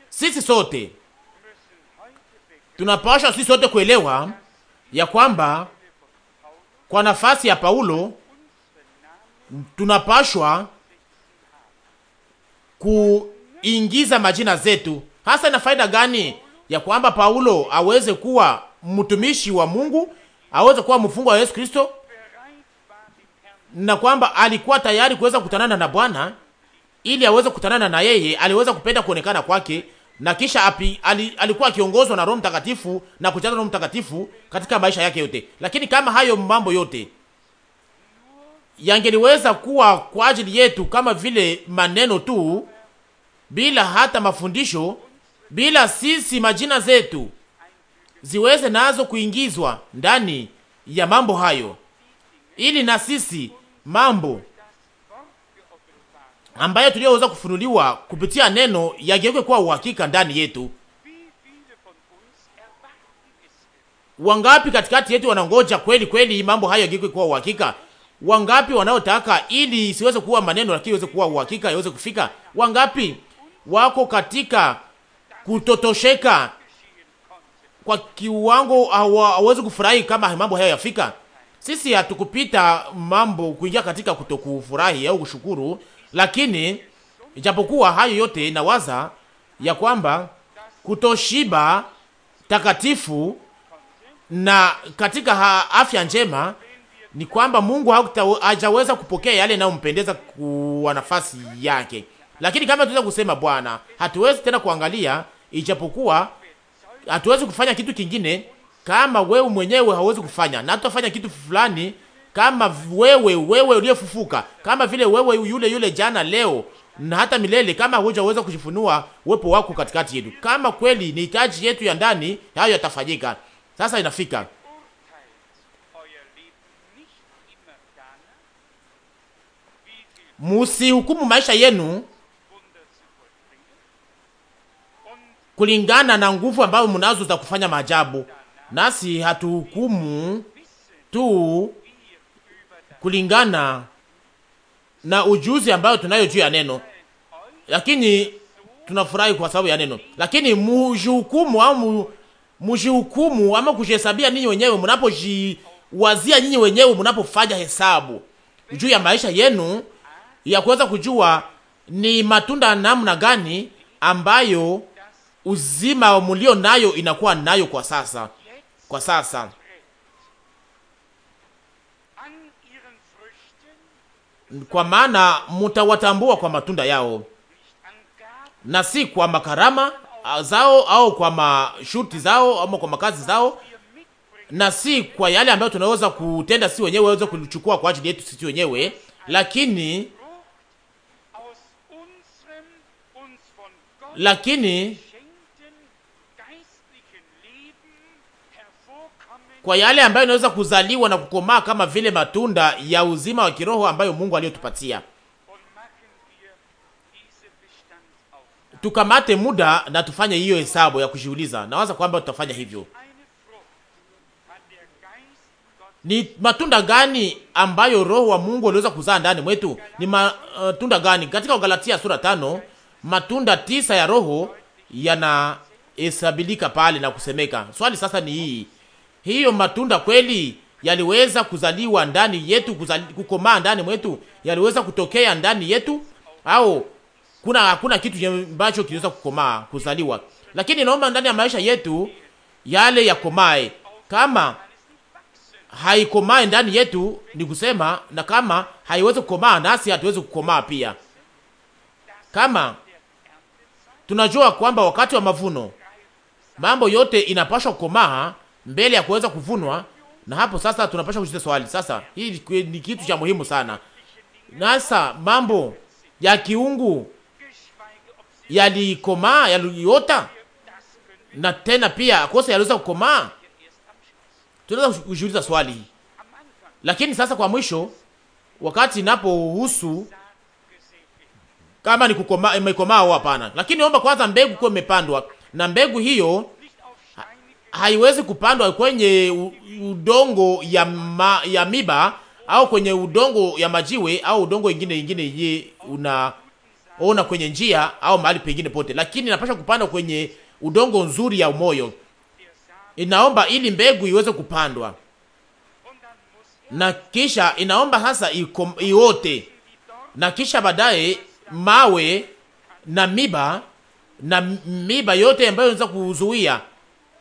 [SPEAKER 1] sisi sote tunapaswa sisi sote kuelewa ya kwamba kwa nafasi ya Paulo tunapashwa kuingiza majina zetu. Hasa ina faida gani ya kwamba Paulo aweze kuwa mtumishi wa Mungu, aweze kuwa mfungwa wa Yesu Kristo, na kwamba alikuwa tayari kuweza kutanana na Bwana ili aweze kutanana na yeye. Aliweza kupenda kuonekana kwake, na kisha api, ali, alikuwa akiongozwa na Roho Mtakatifu na kujaza Roho Mtakatifu katika maisha yake yote. Lakini kama hayo mambo yote yangeliweza kuwa kwa ajili yetu kama vile maneno tu bila hata mafundisho bila sisi majina zetu ziweze nazo kuingizwa ndani ya mambo hayo, ili na sisi mambo ambayo tuliyoweza kufunuliwa kupitia neno yageuke kuwa uhakika ndani yetu. Wangapi katikati yetu wanangoja kweli kweli mambo hayo yageuke kuwa uhakika? Wangapi wanaotaka ili isiweze kuwa maneno lakini iweze kuwa uhakika, iweze kufika? Wangapi wako katika kutotosheka kwa kiwango hawezi kufurahi kama mambo hayo yafika. Sisi hatukupita mambo kuingia katika kutokufurahi au kushukuru, lakini japokuwa hayo yote, nawaza ya kwamba kutoshiba takatifu na katika ha afya njema ni kwamba Mungu hajaweza kupokea yale yanayompendeza kwa nafasi yake, lakini kama tunaweza kusema Bwana, hatuwezi tena kuangalia ijapokuwa hatuwezi kufanya kitu kingine kama wewe mwenyewe hauwezi kufanya, na tutafanya kitu fulani kama wewe wewe uliyefufuka, kama vile wewe yule yule jana, leo na hata milele, kama hujaweza kujifunua uwepo wako katikati yetu. Kama kweli ni hitaji yetu ya ndani, hayo yatafanyika sasa. Inafika musihukumu maisha yenu kulingana na nguvu ambayo mnazo za kufanya maajabu, nasi hatuhukumu tu kulingana na ujuzi ambayo tunayo juu ya neno, lakini tunafurahi kwa sababu ya neno. Lakini mujihukumu au mujihukumu ama kujihesabia ninyi wenyewe, mnapojiwazia nyinyi wenyewe, mnapofanya hesabu juu ya maisha yenu ya kuweza kujua ni matunda namna gani ambayo uzima mulio nayo inakuwa nayo kwa sasa, kwa sasa kwa maana mutawatambua kwa matunda yao, na si kwa makarama zao au kwa mashuti zao au kwa makazi zao, na si kwa yale ambayo tunaweza kutenda si wenyewe waweza kulichukua kwa ajili yetu sisi wenyewe, lakini lakini kwa yale ambayo inaweza kuzaliwa na kukomaa kama vile matunda ya uzima wa kiroho ambayo Mungu aliyotupatia. Tukamate muda na tufanye hiyo hesabu ya kujiuliza. Nawaza kwamba tutafanya hivyo. Ni matunda gani ambayo roho wa Mungu aliweza kuzaa ndani mwetu? Ni matunda uh, gani? Katika Galatia sura tano matunda tisa ya roho yanahesabilika pale na kusemeka. Swali sasa ni hii: hiyo matunda kweli yaliweza kuzaliwa ndani yetu, kukomaa ndani mwetu, yaliweza kutokea ndani yetu, au kuna hakuna kitu ambacho kinaweza kukomaa kuzaliwa. Lakini naomba ndani ya maisha yetu yale yakomae. Kama haikomae ndani yetu ni kusema, na kama haiwezi kukomaa nasi hatuwezi kukomaa pia. Kama tunajua kwamba wakati wa mavuno mambo yote inapaswa kukomaa mbele ya kuweza kuvunwa. Na hapo sasa tunapasha kujiuliza swali sasa, hii ni kitu cha muhimu sana. Nasa mambo ya kiungu yalikomaa, yaliota na tena pia kosa yaliweza kukomaa. Tunaweza kujiuliza swali, lakini sasa kwa mwisho, wakati inapohusu kama ni kukomaa imekomaa au hapana, lakini omba kwanza mbegu kuwa imepandwa na mbegu hiyo haiwezi kupandwa kwenye udongo ya, ma, ya miba au kwenye udongo ya majiwe au udongo ingine ingine una unaona kwenye njia au mahali pengine pote, lakini inapasha kupandwa kwenye udongo nzuri ya moyo. Inaomba ili mbegu iweze kupandwa na kisha inaomba hasa iote, na kisha baadaye mawe na miba na miba yote ambayo inaweza kuzuia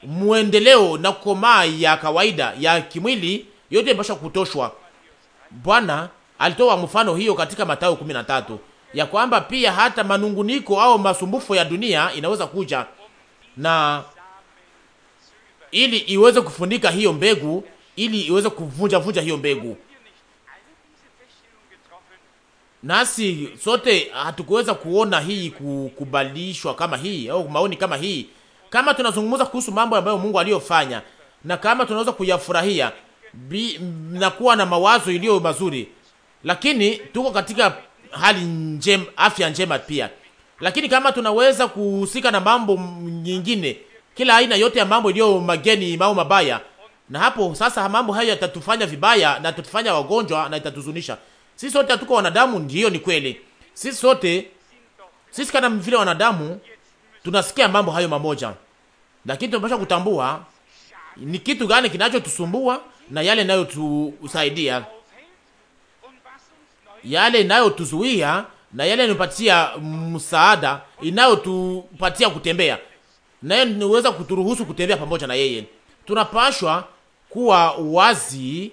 [SPEAKER 1] mwendeleo na kukomaa ya kawaida ya kimwili, yote inapaswa kutoshwa. Bwana alitoa mfano hiyo katika Mathayo 13 ya kwamba pia hata manunguniko au masumbufu ya dunia inaweza kuja na ili iweze kufunika hiyo mbegu, ili iweze kuvunja vunja hiyo mbegu. Nasi sote hatukuweza kuona hii kukubalishwa kama hii au maoni kama hii, kama tunazungumza kuhusu mambo ambayo Mungu aliyofanya na kama tunaweza kuyafurahia na kuwa na mawazo iliyo mazuri, lakini tuko katika hali njema, afya njema pia. Lakini kama tunaweza kuhusika na mambo nyingine, kila aina yote ya mambo iliyo mageni, mambo mabaya, na hapo sasa mambo hayo yatatufanya vibaya na yatatufanya wagonjwa na itatuzunisha sisi. Sote hatuko wanadamu, ndiyo, ni kweli. Sisi sote sisi kama vile wanadamu tunasikia mambo hayo mamoja lakini tunapaswa kutambua ni kitu gani kinachotusumbua na yale inayotusaidia, yale inayotuzuia na yale inayopatia msaada, inayotupatia kutembea yeye, niweza kuturuhusu kutembea pamoja na yeye. Tunapashwa kuwa wazi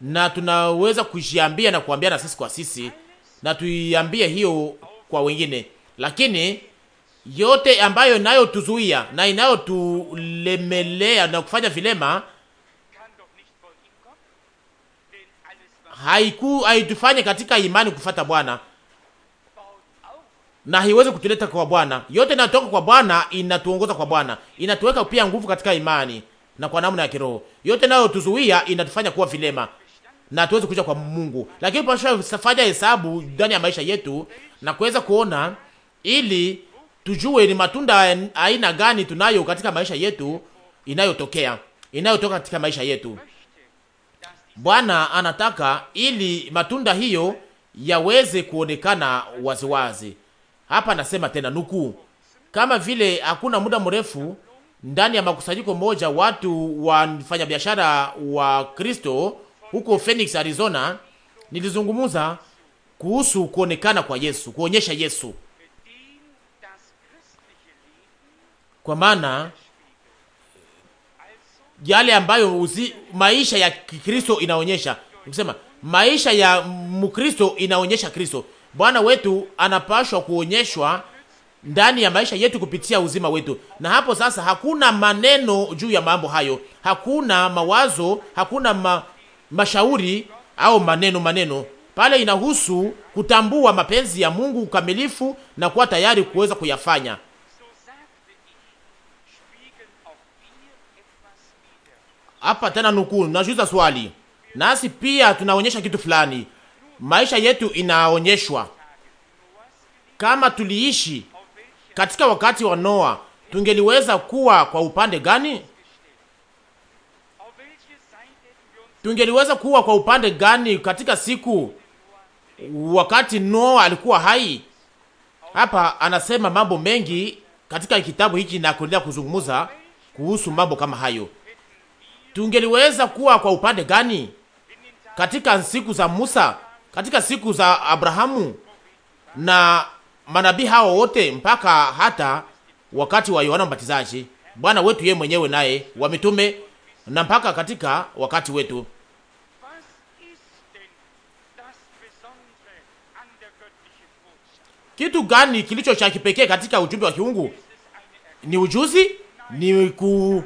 [SPEAKER 1] na tunaweza kujiambia na kuambia na sisi kwa sisi, na tuiambie hiyo kwa wengine, lakini yote ambayo inayotuzuia na inayotulemelea na kufanya vilema haiku haitufanye katika imani kufata Bwana na haiwezi kutuleta kwa Bwana. Yote inayotoka kwa Bwana inatuongoza kwa Bwana, inatuweka pia nguvu katika imani na kwa namna ya kiroho. Yote inayotuzuia inatufanya kuwa vilema na tuweze kuja kwa Mungu, lakini pasha kufanya hesabu ndani ya maisha yetu na kuweza kuona ili tujue ni matunda aina gani tunayo katika maisha yetu, inayotokea inayotoka katika maisha yetu. Bwana anataka ili matunda hiyo yaweze kuonekana waziwazi. Hapa nasema tena nukuu, kama vile hakuna muda mrefu ndani ya makusanyiko moja, watu wafanyabiashara wa Kristo huko Phoenix, Arizona, nilizungumza kuhusu kuonekana kwa Yesu, kuonyesha Yesu kwa maana yale ambayo uzi, maisha ya Kikristo inaonyesha nikisema maisha ya Mkristo inaonyesha Kristo. Bwana wetu anapashwa kuonyeshwa ndani ya maisha yetu kupitia uzima wetu, na hapo sasa hakuna maneno juu ya mambo hayo, hakuna mawazo, hakuna ma, mashauri au maneno maneno pale. Inahusu kutambua mapenzi ya Mungu ukamilifu na kuwa tayari kuweza kuyafanya Hapa tena nukuu, najiuliza swali, nasi pia tunaonyesha kitu fulani, maisha yetu inaonyeshwa. Kama tuliishi katika wakati wa Noa, tungeliweza kuwa kwa upande gani? Tungeliweza kuwa kwa upande gani katika siku wakati Noa alikuwa hai? Hapa anasema mambo mengi katika kitabu hiki na kuendelea kuzungumza kuhusu mambo kama hayo tungeliweza kuwa kwa upande gani? Katika siku za Musa, katika siku za Abrahamu na manabii hao wote, mpaka hata wakati wa Yohana Mbatizaji, Bwana wetu ye mwenyewe naye wa mitume, na mpaka katika wakati wetu. Kitu gani kilicho cha kipekee katika ujumbe wa kiungu? Ni ujuzi? Ni ku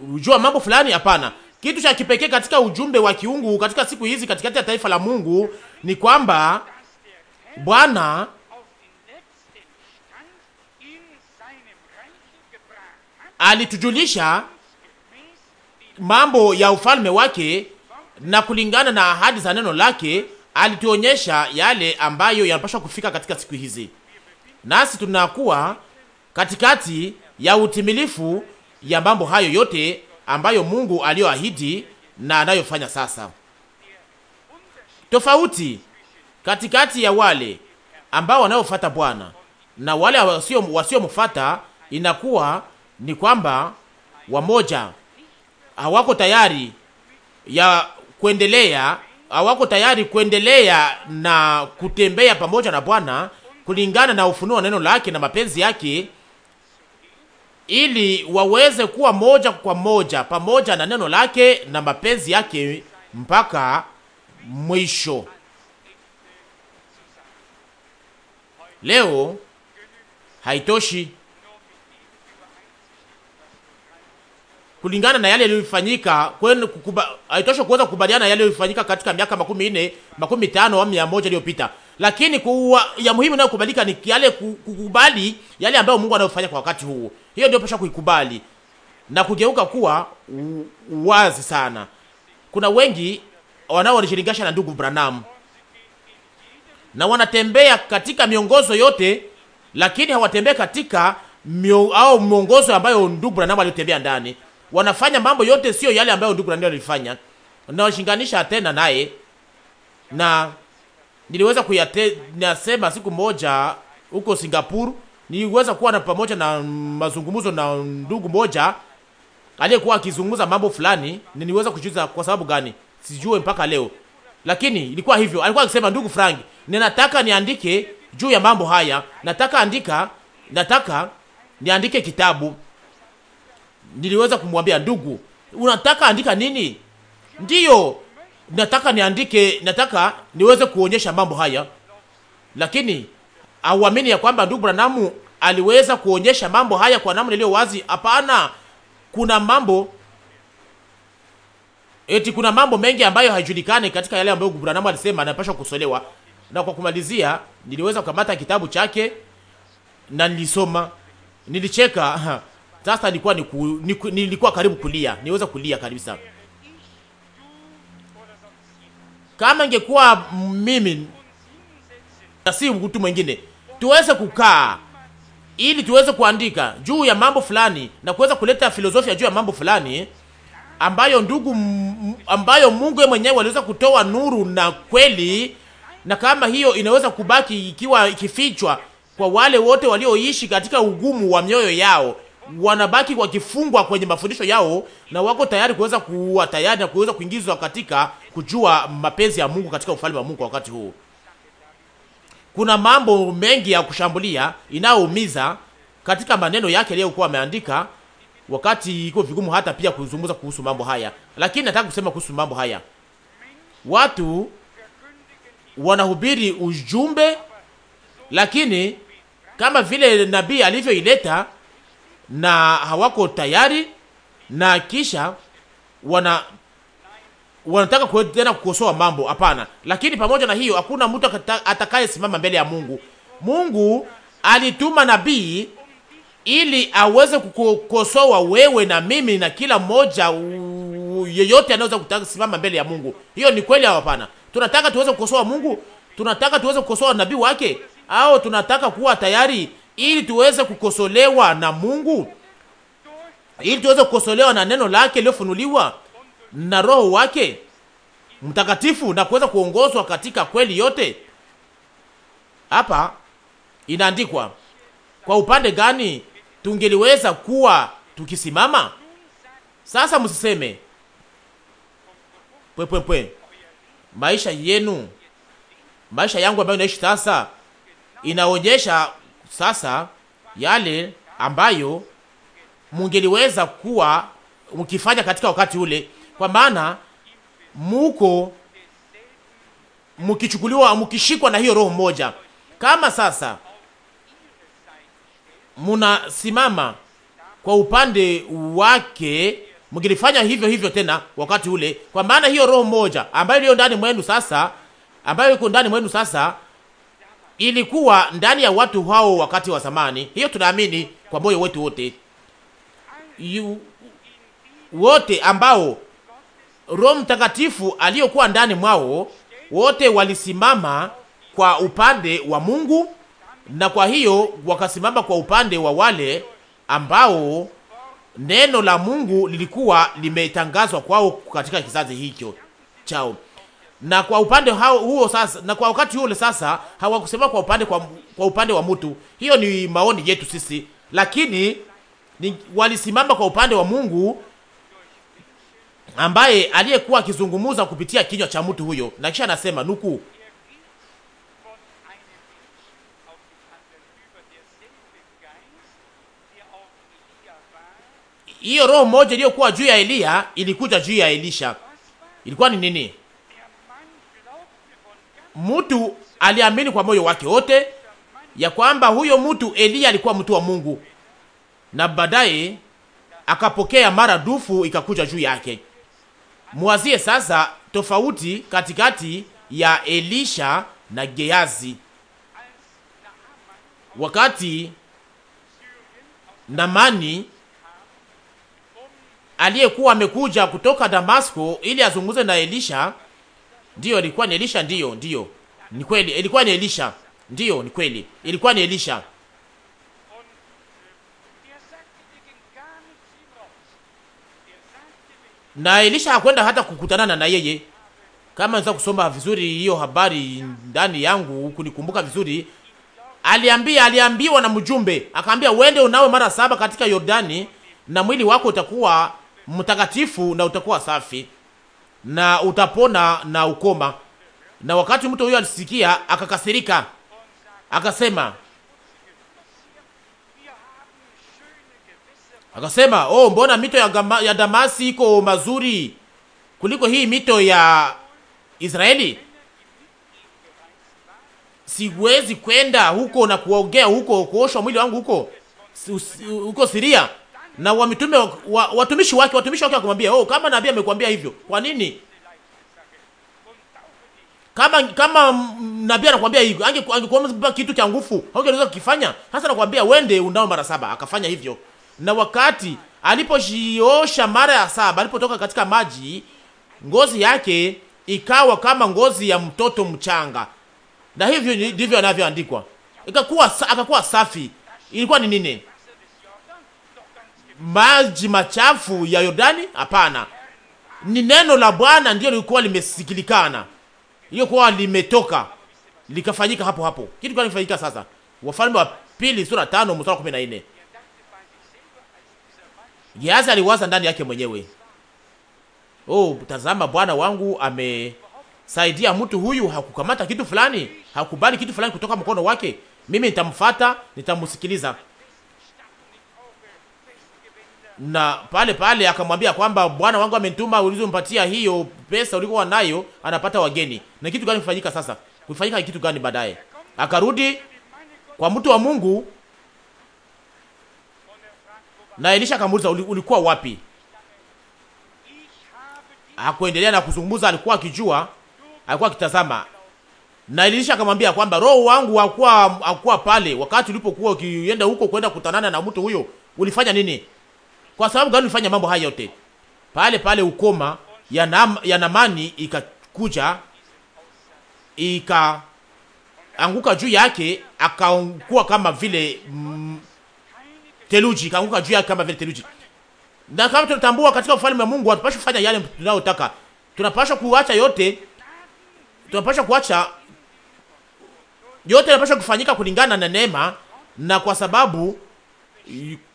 [SPEAKER 1] kujua mambo fulani? Hapana. Kitu cha kipekee katika ujumbe wa kiungu katika siku hizi katikati ya taifa la Mungu ni kwamba Bwana alitujulisha mambo ya ufalme wake na kulingana na ahadi za neno lake alituonyesha yale ambayo yanapaswa kufika katika siku hizi, nasi tunakuwa katikati ya utimilifu ya mambo hayo yote ambayo Mungu aliyoahidi na anayofanya sasa. Tofauti katikati ya wale ambao wanaofuata Bwana na wale wasio wasiomfuata inakuwa ni kwamba wamoja hawako tayari ya kuendelea, hawako tayari kuendelea na kutembea pamoja na Bwana kulingana na ufunuo wa neno lake na mapenzi yake ili waweze kuwa moja kwa moja pamoja na neno lake na mapenzi yake mpaka mwisho. Leo haitoshi kulingana na yale yaliyofanyika kwenu kukuba, haitoshi kuweza kukubaliana yale yaliyofanyika katika miaka makumi nne makumi tano au mia moja iliyopita, lakini kuwa, ya muhimu nayo kubalika ni yale kukubali yale ambayo Mungu anayofanya kwa wakati huu. Hiyo ndio pasha kuikubali na kugeuka kuwa wazi sana. Kuna wengi wanaonishiringasha na ndugu Branham na wanatembea katika miongozo yote, lakini hawatembea katika mio, au miongozo ambayo ndugu Branham alitembea ndani. Wanafanya mambo yote sio yale ambayo ndugu Branham alifanya, na washinganisha tena naye na niliweza kuyasema siku moja huko Singapore niweza kuwa na pamoja na mazungumzo na ndugu moja aliyekuwa akizungumza mambo fulani, niweza kujuza kwa sababu gani sijue mpaka leo, lakini ilikuwa hivyo. Alikuwa akisema, ndugu Frank, ninataka niandike juu ya mambo haya, nataka andika, nataka niandike kitabu. Niliweza kumwambia ndugu, unataka andika nini? Ndiyo, nataka niandike, nataka niweze kuonyesha mambo haya, lakini Auamini ya kwamba ndugu Branamu aliweza kuonyesha mambo haya kwa namna iliyo wazi? Hapana, kuna mambo eti, kuna mambo mengi ambayo hajulikani katika yale ambayo ndugu Branamu alisema anapaswa kusolewa. Na kwa kumalizia, niliweza kukamata kitabu chake na nilisoma, nilicheka. Sasa nilikuwa niku, niku, nilikuwa karibu kulia, niweza kulia kabisa. Kama ingekuwa mimi na si mtu mwingine tuweze kukaa ili tuweze kuandika juu ya mambo fulani na kuweza kuleta filosofia juu ya mambo fulani ambayo ndugu ambayo Mungu mwenyewe aliweza kutoa nuru na kweli, na kama hiyo inaweza kubaki ikiwa ikifichwa kwa wale wote walioishi katika ugumu wa mioyo yao, wanabaki wakifungwa kwenye mafundisho yao na wako tayari kuweza kuwa tayari na kuweza kuingizwa katika kujua mapenzi ya Mungu katika ufalme wa Mungu kwa wakati huu kuna mambo mengi ya kushambulia inayoumiza katika maneno yake aliyokuwa ameandika, wakati iko vigumu hata pia kuzungumza kuhusu mambo haya, lakini nataka kusema kuhusu mambo haya. Watu wanahubiri ujumbe, lakini kama vile nabii alivyoileta na hawako tayari, na kisha wana wanataka kuendelea kukosoa mambo. Hapana, lakini pamoja na hiyo hakuna mtu atakayesimama mbele ya Mungu. Mungu alituma nabii ili aweze kukosoa wewe na mimi na kila mmoja yeyote anaweza kutaka simama mbele ya Mungu. Hiyo ni kweli au hapana? Tunataka tuweze kukosoa Mungu, tunataka tuweze kukosoa nabii wake, au tunataka kuwa tayari ili tuweze kukosolewa na Mungu, ili tuweze kukosolewa na neno lake lilofunuliwa na Roho wake Mtakatifu na kuweza kuongozwa katika kweli yote. Hapa inaandikwa kwa upande gani tungeliweza kuwa tukisimama sasa. Msiseme pwepwepwe, maisha yenu, maisha yangu ambayo naishi sasa inaonyesha sasa yale ambayo mungeliweza kuwa mkifanya katika wakati ule kwa maana muko mkichukuliwa mkishikwa na hiyo roho moja. Kama sasa munasimama kwa upande wake, mngilifanya hivyo hivyo tena wakati ule, kwa maana hiyo roho moja ambayo iliyo ndani mwenu sasa, ambayo iko ndani mwenu sasa, ilikuwa ndani ya watu hao wakati wa zamani. Hiyo tunaamini kwa moyo wetu wote, wote ambao Roho Mtakatifu aliyokuwa ndani mwao wote walisimama kwa upande wa Mungu, na kwa hiyo wakasimama kwa upande wa wale ambao neno la Mungu lilikuwa limetangazwa kwao katika kizazi hicho chao. Na kwa upande hao huo sasa, na kwa wakati ule sasa hawakusema kwa upande kwa, kwa upande wa mtu. Hiyo ni maoni yetu sisi, lakini ni, walisimama kwa upande wa Mungu ambaye aliyekuwa akizungumuza kupitia kinywa cha mtu huyo, na kisha anasema nuku, hiyo roho moja iliyokuwa juu ya Eliya ilikuja juu ya Elisha. Ilikuwa ni nini? Mtu aliamini kwa moyo wake wote ya kwamba huyo mtu Eliya alikuwa mtu wa Mungu, na baadaye akapokea mara dufu ikakuja juu yake. Mwazie sasa tofauti katikati ya Elisha na Geazi, wakati Namani aliyekuwa amekuja kutoka Damasko ili azunguze na Elisha. Ndiyo, ilikuwa ni Elisha. Ndiyo, ndiyo, ni kweli, ilikuwa ni Elisha. Ndiyo, ni kweli, ilikuwa ni Elisha. na Elisha hakwenda hata kukutana na yeye. Kama naweza kusoma vizuri hiyo habari ndani yangu, kunikumbuka vizuri, aliambia aliambiwa na mjumbe, akaambia uende unawe mara saba katika Yordani, na mwili wako utakuwa mtakatifu na utakuwa safi na utapona na ukoma. Na wakati mtu huyo alisikia, akakasirika, akasema akasema, oh, mbona mito ya, gama, ya Damasi iko mazuri kuliko hii mito ya Israeli? Siwezi kwenda huko na kuongea huko, kuosha mwili wangu huko huko Siria. Na wamitume wa, watumishi wake watumishi wake wakamwambia, oh, kama nabii amekwambia hivyo, kwa nini? Kama kama nabii anakuambia hivyo, angekuambia kitu cha nguvu, haungeweza kukifanya. Hasa nakwambia, wende unao mara saba. Akafanya hivyo na wakati alipojiosha mara ya saba, alipotoka katika maji, ngozi yake ikawa kama ngozi ya mtoto mchanga, na hivyo ndivyo anavyoandikwa, ikakuwa akakuwa safi. Ilikuwa ni nini? Maji machafu ya Yordani? Hapana, ni neno la Bwana ndio lilikuwa limesikilikana, iliyokuwa limetoka likafanyika hapo hapo. Kitu gani sasa? Wafalme wa pili sura tano mstari wa Gehazi aliwaza ndani yake mwenyewe, oh, tazama bwana wangu amesaidia mtu huyu, hakukamata kitu fulani, hakubali kitu fulani kutoka mkono wake. Mimi nitamfuata, nitamusikiliza Na pale pale akamwambia kwamba bwana wangu amenituma, ulizompatia hiyo pesa ulikuwa nayo, anapata wageni. Na kitu gani kufanyika sasa? Kufanyika kitu gani baadaye? Akarudi kwa mtu wa Mungu na Elisha akamuuliza ulikuwa wapi? Hakuendelea na kuzungumza, alikuwa akijua, alikuwa akitazama. Na Elisha akamwambia kwamba roho wangu hakuwa hakuwa pale wakati ulipokuwa ukienda huko kwenda kutanana na mtu huyo, ulifanya nini? Kwa sababu gani ulifanya mambo haya yote? Pale pale ukoma ya, nam, ya Namani ikakuja ikaanguka juu yake, akakuwa kama vile mm, theluji kaanguka juu yake kama vile theluji. Na kama tunatambua katika ufalme wa Mungu hatupashi kufanya yale tunayotaka. tunapashwa kuacha yote. tunapashwa kuacha yote, yanapaswa kufanyika kulingana na neema na kwa sababu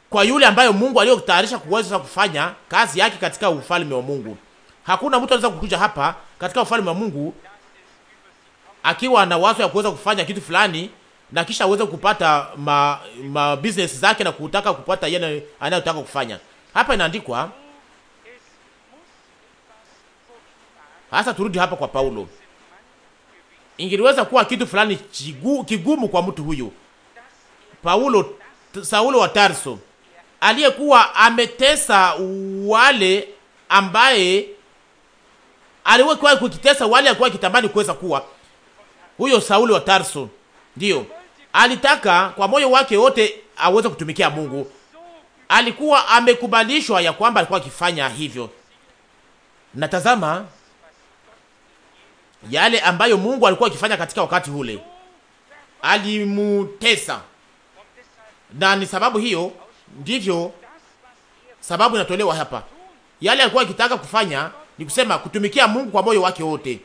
[SPEAKER 1] kwa yule ambayo Mungu aliyotayarisha kuweza kufanya kazi yake katika ufalme wa Mungu. Hakuna mtu anaweza kukuja hapa katika ufalme wa Mungu akiwa na wazo ya kuweza kufanya kitu fulani na kisha aweze kupata ma, ma business zake na kutaka kupata yeye anayotaka kufanya. Hapa inaandikwa hasa, turudi hapa kwa Paulo. Ingeliweza kuwa kitu fulani chigu, kigumu kwa mtu huyu Paulo Saulo wa Tarso aliyekuwa ametesa wale ambaye aliwekwa kukitesa wale alikuwa kitamani kuweza kuwa huyo Saulo wa Tarso Ndiyo, alitaka kwa moyo wake wote aweze kutumikia Mungu. Alikuwa amekubalishwa ya kwamba alikuwa akifanya hivyo, na tazama yale ambayo Mungu alikuwa akifanya katika wakati ule, alimutesa, na ni sababu hiyo, ndivyo sababu inatolewa hapa. Yale alikuwa akitaka kufanya ni kusema kutumikia Mungu kwa moyo wake wote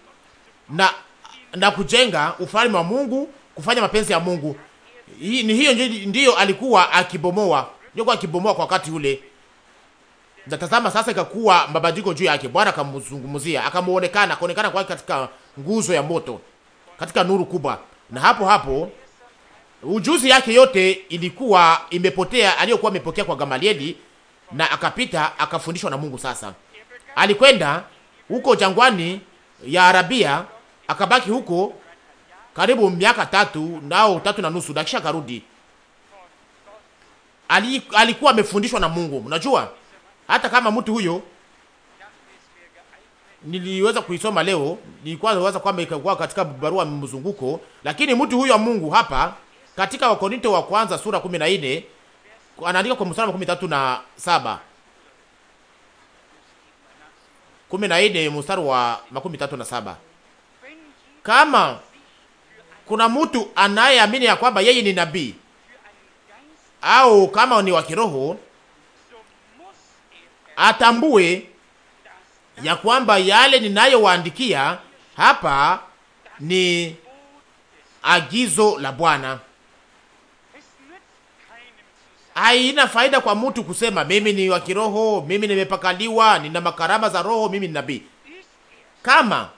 [SPEAKER 1] na na kujenga ufalme wa Mungu kufanya mapenzi ya Mungu. Hii ni hiyo ndiyo alikuwa akibomoa, ndio kwa akibomoa kwa wakati ule. Natazama sasa, ikakuwa mabadiliko juu yake. Bwana akamzungumzia, akamuonekana, akaonekana kwake katika nguzo ya moto, katika nuru kubwa, na hapo hapo ujuzi yake yote ilikuwa imepotea, aliyokuwa amepokea kwa Gamalieli, na akapita akafundishwa na Mungu. Sasa alikwenda huko jangwani ya Arabia, akabaki huko karibu miaka tatu nao tatu na nusu, na kisha karudi. Ali, alikuwa amefundishwa na Mungu. Unajua, hata kama mtu huyo niliweza kuisoma leo, nilikuwa naweza kwamba ikakuwa katika barua mzunguko, lakini mtu huyo wa Mungu hapa katika Wakorinto wa kwanza sura 14 anaandika kwa mstari wa 13 na saba 14 mstari wa makumi tatu na saba kama kuna mtu anayeamini ya kwamba yeye ni nabii au kama ni wa kiroho, atambue ya kwamba yale ninayowaandikia hapa ni agizo la Bwana. Haina faida kwa mtu kusema mimi ni wa kiroho, mimi nimepakaliwa, nina makarama za roho, mimi ni nabii kama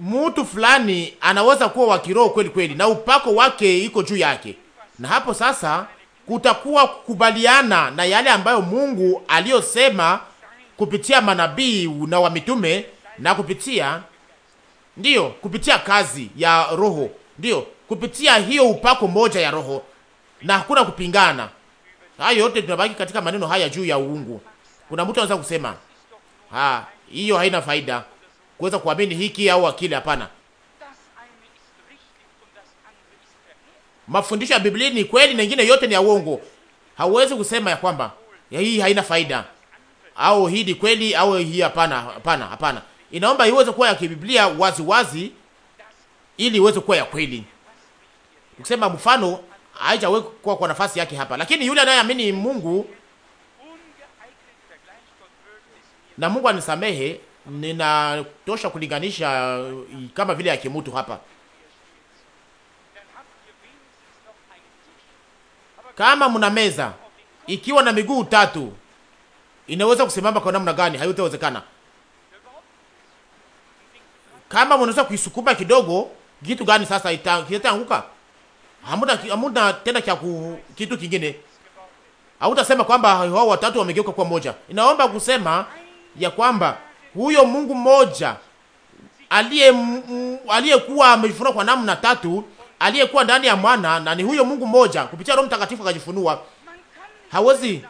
[SPEAKER 1] mtu fulani anaweza kuwa wa kiroho kweli kweli, na upako wake iko juu yake, na hapo sasa kutakuwa kukubaliana na yale ambayo Mungu aliyosema kupitia manabii na wa mitume na kupitia ndiyo, kupitia kazi ya Roho, ndiyo, kupitia hiyo upako moja ya Roho, na hakuna kupingana. Hayo yote tunabaki katika maneno haya juu ya uungu. Kuna mtu anaweza kusema ha, hiyo haina faida kuweza kuamini hiki au akili. Hapana, mafundisho ya Biblia ni kweli na ingine yote ni ya uongo. Hauwezi kusema ya kwamba ya hii haina faida au hii ni kweli au hii hapana. Hapana, hapana, inaomba iweze kuwa ya kibiblia wazi wazi, ili iweze kuwa ya kweli. Ukisema mfano haijawekwa kwa nafasi yake hapa, lakini yule anayeamini Mungu na Mungu anisamehe ninatosha kulinganisha uh, kama vile ya kimutu hapa. Kama mna meza ikiwa na miguu tatu, inaweza kusimama kwa namna gani? Haiwezekana. Kama mnaweza kuisukuma kidogo, kitu gani sasa itaanguka? Hamuna, hamuna tena ku, kitu kingine. Hautasema kwamba hao watatu wamegeuka kwa moja. Inaomba kusema ya kwamba huyo Mungu mmoja aliyekuwa amejifunua kwa namna tatu, aliyekuwa ndani ya mwana, na ni huyo Mungu mmoja kupitia Roho Mtakatifu akajifunua. Hawezi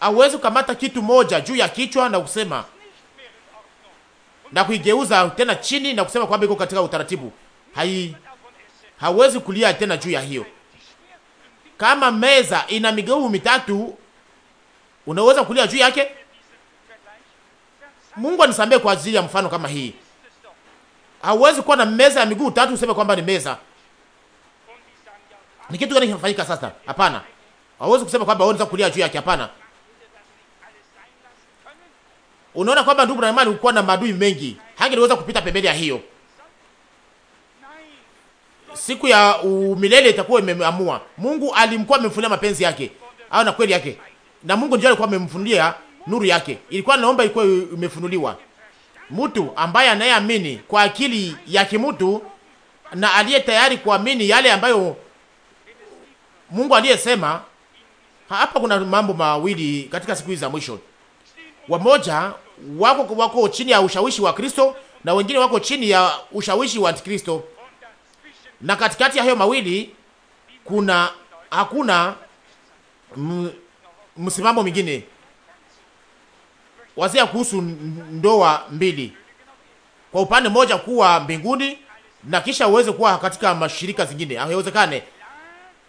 [SPEAKER 1] hawezi kukamata kitu moja juu ya kichwa na kusema na kuigeuza tena chini na kusema kwamba iko katika utaratibu. Hai, hawezi kulia tena juu ya hiyo. Kama meza ina miguu mitatu, unaweza kulia juu yake? Mungu anisamehe kwa ajili ya mfano kama hii. Hauwezi kuwa na meza ya miguu tatu useme kwamba ni meza. Ni kitu gani kinafanyika sasa? Hapana. Hauwezi kusema kwamba wewe unaweza kulia juu yake, hapana. Unaona kwamba ndugu na imani ulikuwa na maadui mengi. Hangeweza kupita pembeni ya hiyo. Siku ya milele itakuwa imeamua. Mungu alimkuwa amemfunulia mapenzi yake. Au na kweli yake. Na Mungu ndiye alikuwa amemfunulia nuru yake ilikuwa naomba ilikuwa imefunuliwa. Mtu ambaye anayeamini kwa akili ya kimutu na aliye tayari kuamini yale ambayo Mungu aliyesema. Hapa kuna mambo mawili katika siku hizi za mwisho. Wamoja wako wako chini ya ushawishi wa Kristo na wengine wako chini ya ushawishi wa Antikristo, na katikati ya hayo mawili kuna hakuna msimamo mwingine wazia kuhusu ndoa mbili, kwa upande mmoja kuwa mbinguni na kisha uweze kuwa katika mashirika zingine. Haiwezekane.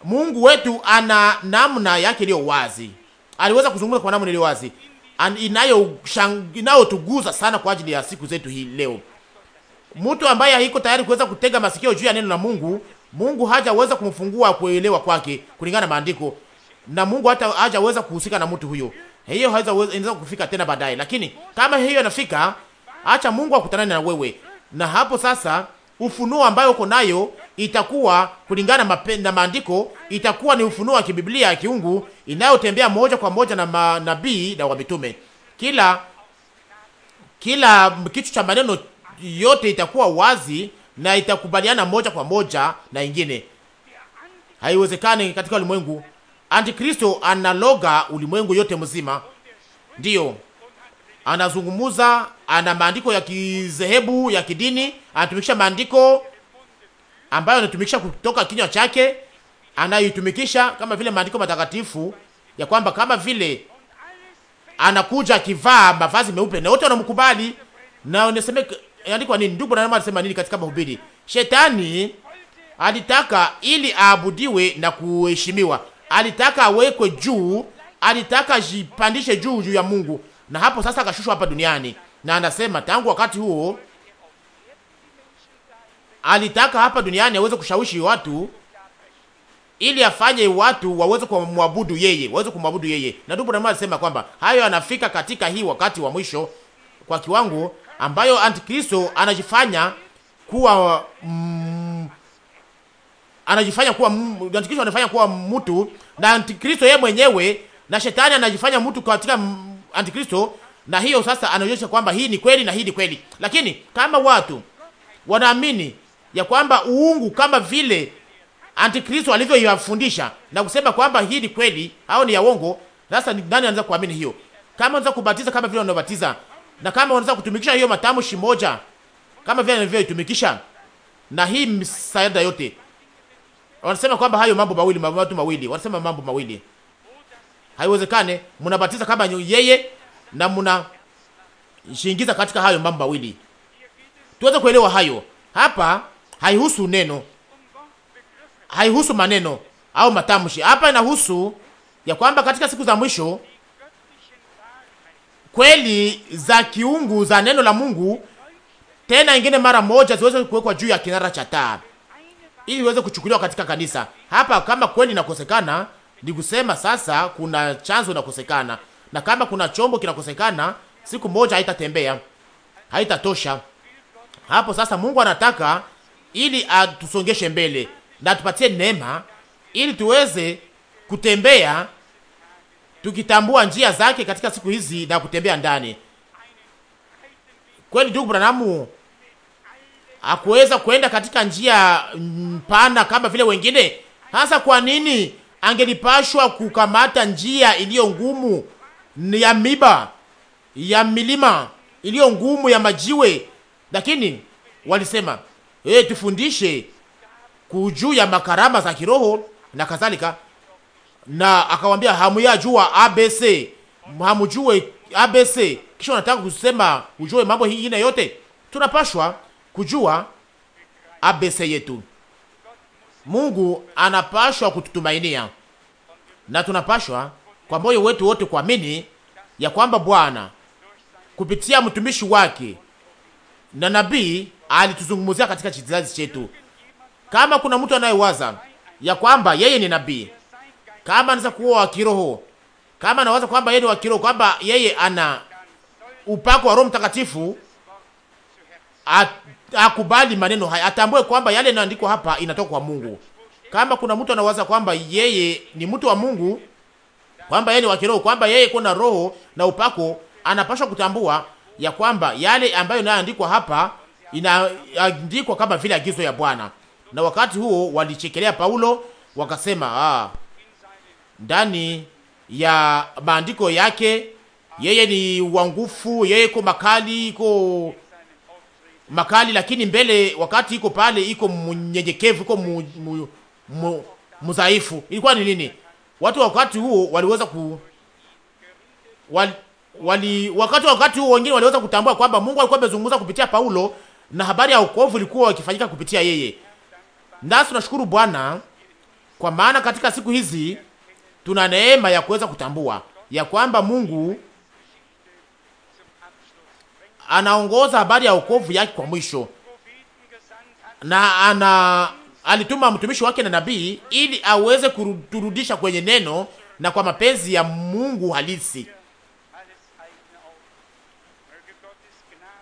[SPEAKER 1] Mungu wetu ana namna yake iliyo wazi, aliweza kuzungumza kwa namna iliyo wazi inayotuguza sana kwa ajili ya siku zetu hii leo. Mtu ambaye haiko tayari kuweza kutega masikio juu ya neno la Mungu, Mungu hajaweza kumfungua kuelewa kwake kulingana na maandiko, na Mungu hata hajaweza kuhusika na mtu huyo hiyo haizaweza inaweza kufika tena baadaye, lakini kama hiyo inafika, acha Mungu akutanane na wewe, na hapo sasa ufunuo ambayo uko nayo itakuwa kulingana na maandiko, itakuwa ni ufunuo wa kibiblia ya kiungu inayotembea moja kwa moja na manabii na wamitume. Kila kila kitu cha maneno yote itakuwa wazi na itakubaliana moja kwa moja na ingine. Haiwezekani katika ulimwengu Antikristo analoga ulimwengu yote mzima, ndiyo anazungumuza, ana maandiko ya kizehebu ya kidini, anatumikisha maandiko ambayo anatumikisha kutoka kinywa chake, anayitumikisha kama vile maandiko matakatifu ya kwamba kama vile anakuja akivaa mavazi meupe na wote wanamkubali. Na unasema andikwa nini? Ndugu mama anasema nini katika mahubiri? Shetani alitaka ili aabudiwe na kuheshimiwa, alitaka awekwe juu, alitaka jipandishe juu juu ya Mungu, na hapo sasa akashushwa hapa duniani. Na anasema tangu wakati huo alitaka hapa duniani aweze kushawishi watu ili afanye watu waweze kumwabudu yeye, waweze kumwabudu yeye. Na ndugu Branham alisema kwamba hayo anafika katika hii wakati wa mwisho kwa kiwango ambayo Antikristo anajifanya kuwa mm, anajifanya kuwa antikristo anafanya kuwa mtu na antikristo yeye mwenyewe na shetani anajifanya mtu katika antikristo, na hiyo sasa anaonyesha kwamba hii ni kweli na hii ni kweli. Lakini kama watu wanaamini ya kwamba uungu kama vile antikristo alivyoyafundisha na kusema kwamba hii ni kweli au ni ya uongo, sasa ni nani anaweza kuamini hiyo? Kama unaweza kubatiza kama vile wanabatiza, na kama unaweza kutumikisha hiyo matamshi moja kama vile anavyoitumikisha na hii msaada yote wanasema kwamba hayo mambo mawili mambo mawili, wanasema mambo mawili haiwezekane. Mnabatiza kama yeye na shingiza katika hayo mambo mawili, tuweze kuelewa hayo. Hapa haihusu neno, haihusu maneno au matamshi. Hapa inahusu ya kwamba katika siku za mwisho kweli za kiungu za neno la Mungu tena ingine mara moja ziweze kuwekwa juu ya kinara cha taa ili iweze kuchukuliwa katika kanisa. Hapa kama kweli inakosekana, ni kusema sasa kuna chanzo inakosekana, na kama kuna chombo kinakosekana, siku moja haitatembea, haitatosha. Hapo sasa Mungu anataka ili atusongeshe mbele na tupatie neema ili tuweze kutembea tukitambua njia zake katika siku hizi na kutembea ndani kweli. Ndugu Branamu hakuweza kwenda katika njia mpana kama vile wengine? Hasa kwa nini angelipashwa kukamata njia iliyo ngumu ya miba ya milima iliyo ngumu ya majiwe? Lakini walisema hey, eh, tufundishe kujuu ya makarama za kiroho na kadhalika, na akawambia hamuyajua ABC, hamujue ABC, kisha unataka kusema ujue mambo hii ingine yote tunapashwa kujua abese yetu. Mungu anapashwa kututumainia na tunapashwa kwa moyo wetu wote kuamini ya kwamba Bwana kupitia mtumishi wake na nabii alituzungumzia katika kizazi chetu. Kama kuna mtu anayewaza ya kwamba yeye ni nabii, kama anaweza kuwa wa kiroho, kama anawaza kwamba yeye ni wa kiroho, kwamba yeye ana upako wa Roho Mtakatifu, akubali maneno haya, atambue kwamba yale yanaandikwa hapa inatoka kwa Mungu. Kama kuna mtu anawaza kwamba yeye ni mtu wa Mungu, kwamba yeye ni wa kiroho, kwamba yeye kuna roho na upako, anapaswa kutambua ya kwamba yale ambayo inaandikwa hapa inaandikwa kama vile agizo ya Bwana. Na wakati huo walichekelea Paulo, wakasema ah, ndani ya maandiko yake yeye ni wangufu, yeye iko makali, iko makali, lakini mbele wakati iko pale, iko mnyenyekevu, iko mu, mu, mu, Ilikuwa ni nini? Watu wakati huo waliweza ku wali, wali wakati wakati huo wengine waliweza kutambua kwamba Mungu alikuwa amezungumza kupitia Paulo na habari ya wokovu ilikuwa ikifanyika kupitia yeye. Nasi tunashukuru Bwana kwa maana katika siku hizi tuna neema ya kuweza kutambua ya kwamba Mungu anaongoza habari ya wokovu yake kwa mwisho, na ana alituma mtumishi wake na nabii ili aweze kuturudisha kwenye neno na kwa mapenzi ya Mungu halisi,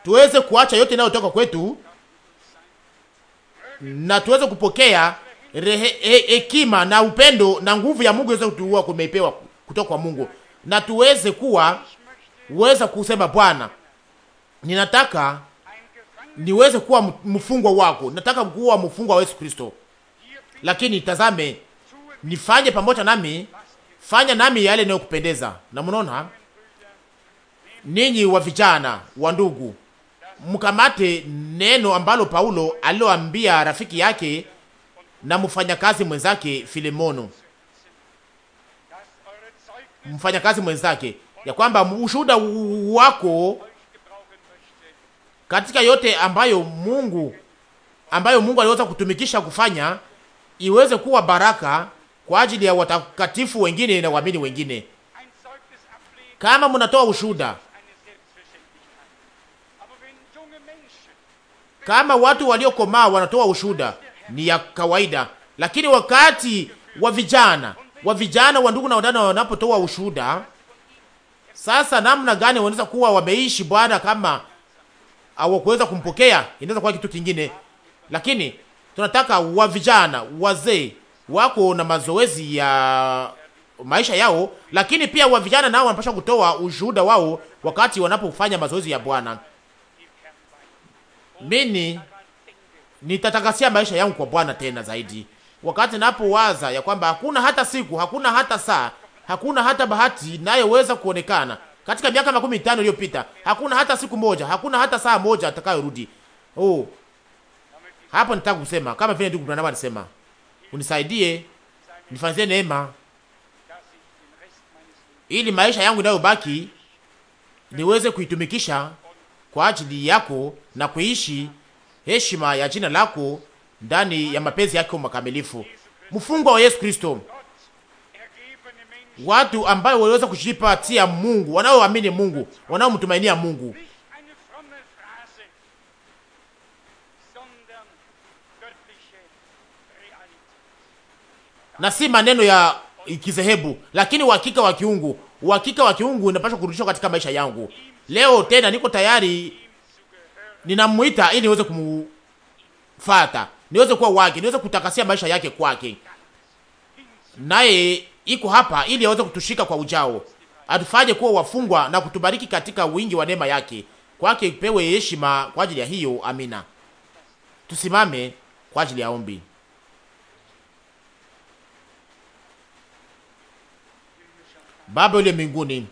[SPEAKER 1] tuweze kuacha yote inayotoka kwetu na tuweze kupokea hekima he, na upendo na nguvu ya Mungu iweze kutuua kumeipewa kutoka kwa Mungu, na tuweze kuwa weza kusema Bwana ninataka niweze kuwa mfungwa wako, nataka kuwa mfungwa wa Yesu Kristo. Lakini tazame, nifanye pamoja nami, fanya nami yale yanayokupendeza. Na mnaona ninyi wa vijana wa ndugu, mkamate neno ambalo Paulo aliloambia rafiki yake na mfanyakazi mwenzake Filemono, mfanyakazi mwenzake, ya kwamba ushuhuda wako katika yote ambayo Mungu ambayo Mungu aliweza kutumikisha kufanya iweze kuwa baraka kwa ajili ya watakatifu wengine na waamini wengine. Kama mnatoa ushuhuda, kama watu waliokomaa wanatoa ushuhuda, ni ya kawaida. Lakini wakati wa vijana wa vijana wa ndugu na wadada wanapotoa ushuhuda, sasa namna gani wanaweza kuwa wameishi Bwana kama au kuweza kumpokea inaweza kuwa kitu kingine, lakini tunataka wa vijana wazee wako na mazoezi ya maisha yao, lakini pia wa vijana nao wanapaswa kutoa ushuhuda wao wakati wanapofanya mazoezi ya Bwana. Mimi nitatakasia maisha yangu kwa Bwana tena zaidi, wakati napowaza ya kwamba hakuna hata siku, hakuna hata saa, hakuna hata bahati inayoweza kuonekana katika miaka makumi tano iliyopita, hakuna hata siku moja, hakuna hata saa moja atakayorudi. Oh, hapo nitaka kusema kama vile ndugu Branham alisema, unisaidie nifanzie neema ili maisha yangu inayobaki niweze kuitumikisha kwa ajili yako na kuishi heshima ya jina lako ndani ya mapenzi yako makamilifu. Mfungwa wa Yesu Kristo watu ambayo waliweza kujipatia Mungu, wanaoamini Mungu, wanaomtumainia Mungu, na si maneno ya kizehebu, lakini uhakika wa kiungu. Uhakika wa kiungu inapaswa kurudishwa katika maisha yangu leo. Tena niko tayari, ninamwita ili niweze kumufata niweze kuwa wake, niweze kutakasia maisha yake kwake, naye iko hapa ili aweze kutushika kwa ujao, atufanye kuwa wafungwa na kutubariki katika wingi wa neema yake. Kwake ipewe heshima kwa ajili ya hiyo. Amina. Tusimame kwa ajili ya ombi. Baba uliye mbinguni,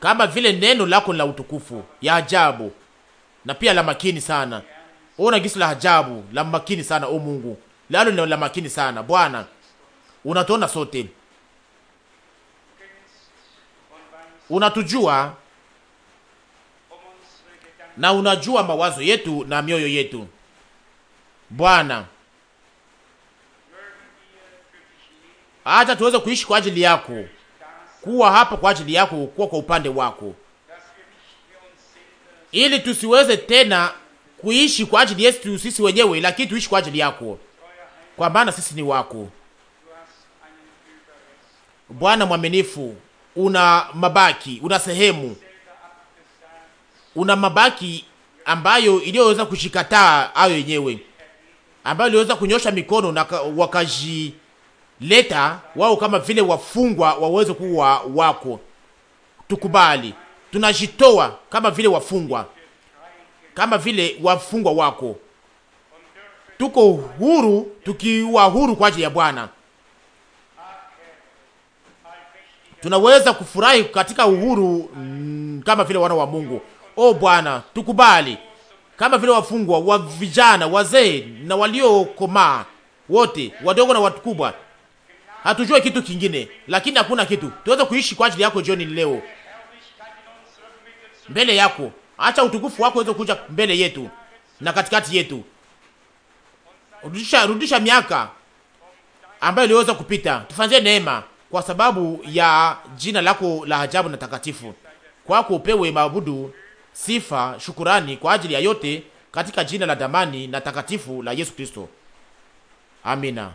[SPEAKER 1] kama vile neno lako la utukufu ya ajabu na pia la makini sana, ona gisi la ajabu la makini sana, o Mungu lalo ni la makini sana. Bwana, unatuona sote, unatujua na unajua mawazo yetu na mioyo yetu. Bwana, acha tuweze kuishi kwa ajili yako, kuwa hapa kwa ajili yako, kuwa kwa upande wako, ili tusiweze tena kuishi kwa ajili yetu sisi wenyewe, lakini tuishi kwa ajili yako kwa maana sisi ni wako Bwana mwaminifu. Una mabaki, una sehemu, una mabaki ambayo iliyoweza kushikataa ayo yenyewe, ambayo iliweza kunyosha mikono na wakajileta wao kama vile wafungwa waweze kuwa wako. Tukubali, tunajitoa kama vile wafungwa, kama vile wafungwa wako tuko huru, tukiwa huru kwa ajili ya Bwana tunaweza kufurahi katika uhuru mm, kama vile wana wa Mungu. O Bwana, tukubali kama vile wafungwa wa vijana, wazee na waliokomaa wote, wadogo na watukubwa Hatujue kitu kingine, lakini hakuna kitu tuweze kuishi kwa ajili yako. Jioni leo mbele yako, acha utukufu wako uweze kuja mbele yetu na katikati yetu rudisha, rudisha miaka ambayo iliweza kupita, tufanzie neema kwa sababu ya jina lako la ajabu na takatifu. Kwako upewe maabudu, sifa, shukurani kwa ajili ya yote katika jina la damani na takatifu la Yesu Kristo, amina.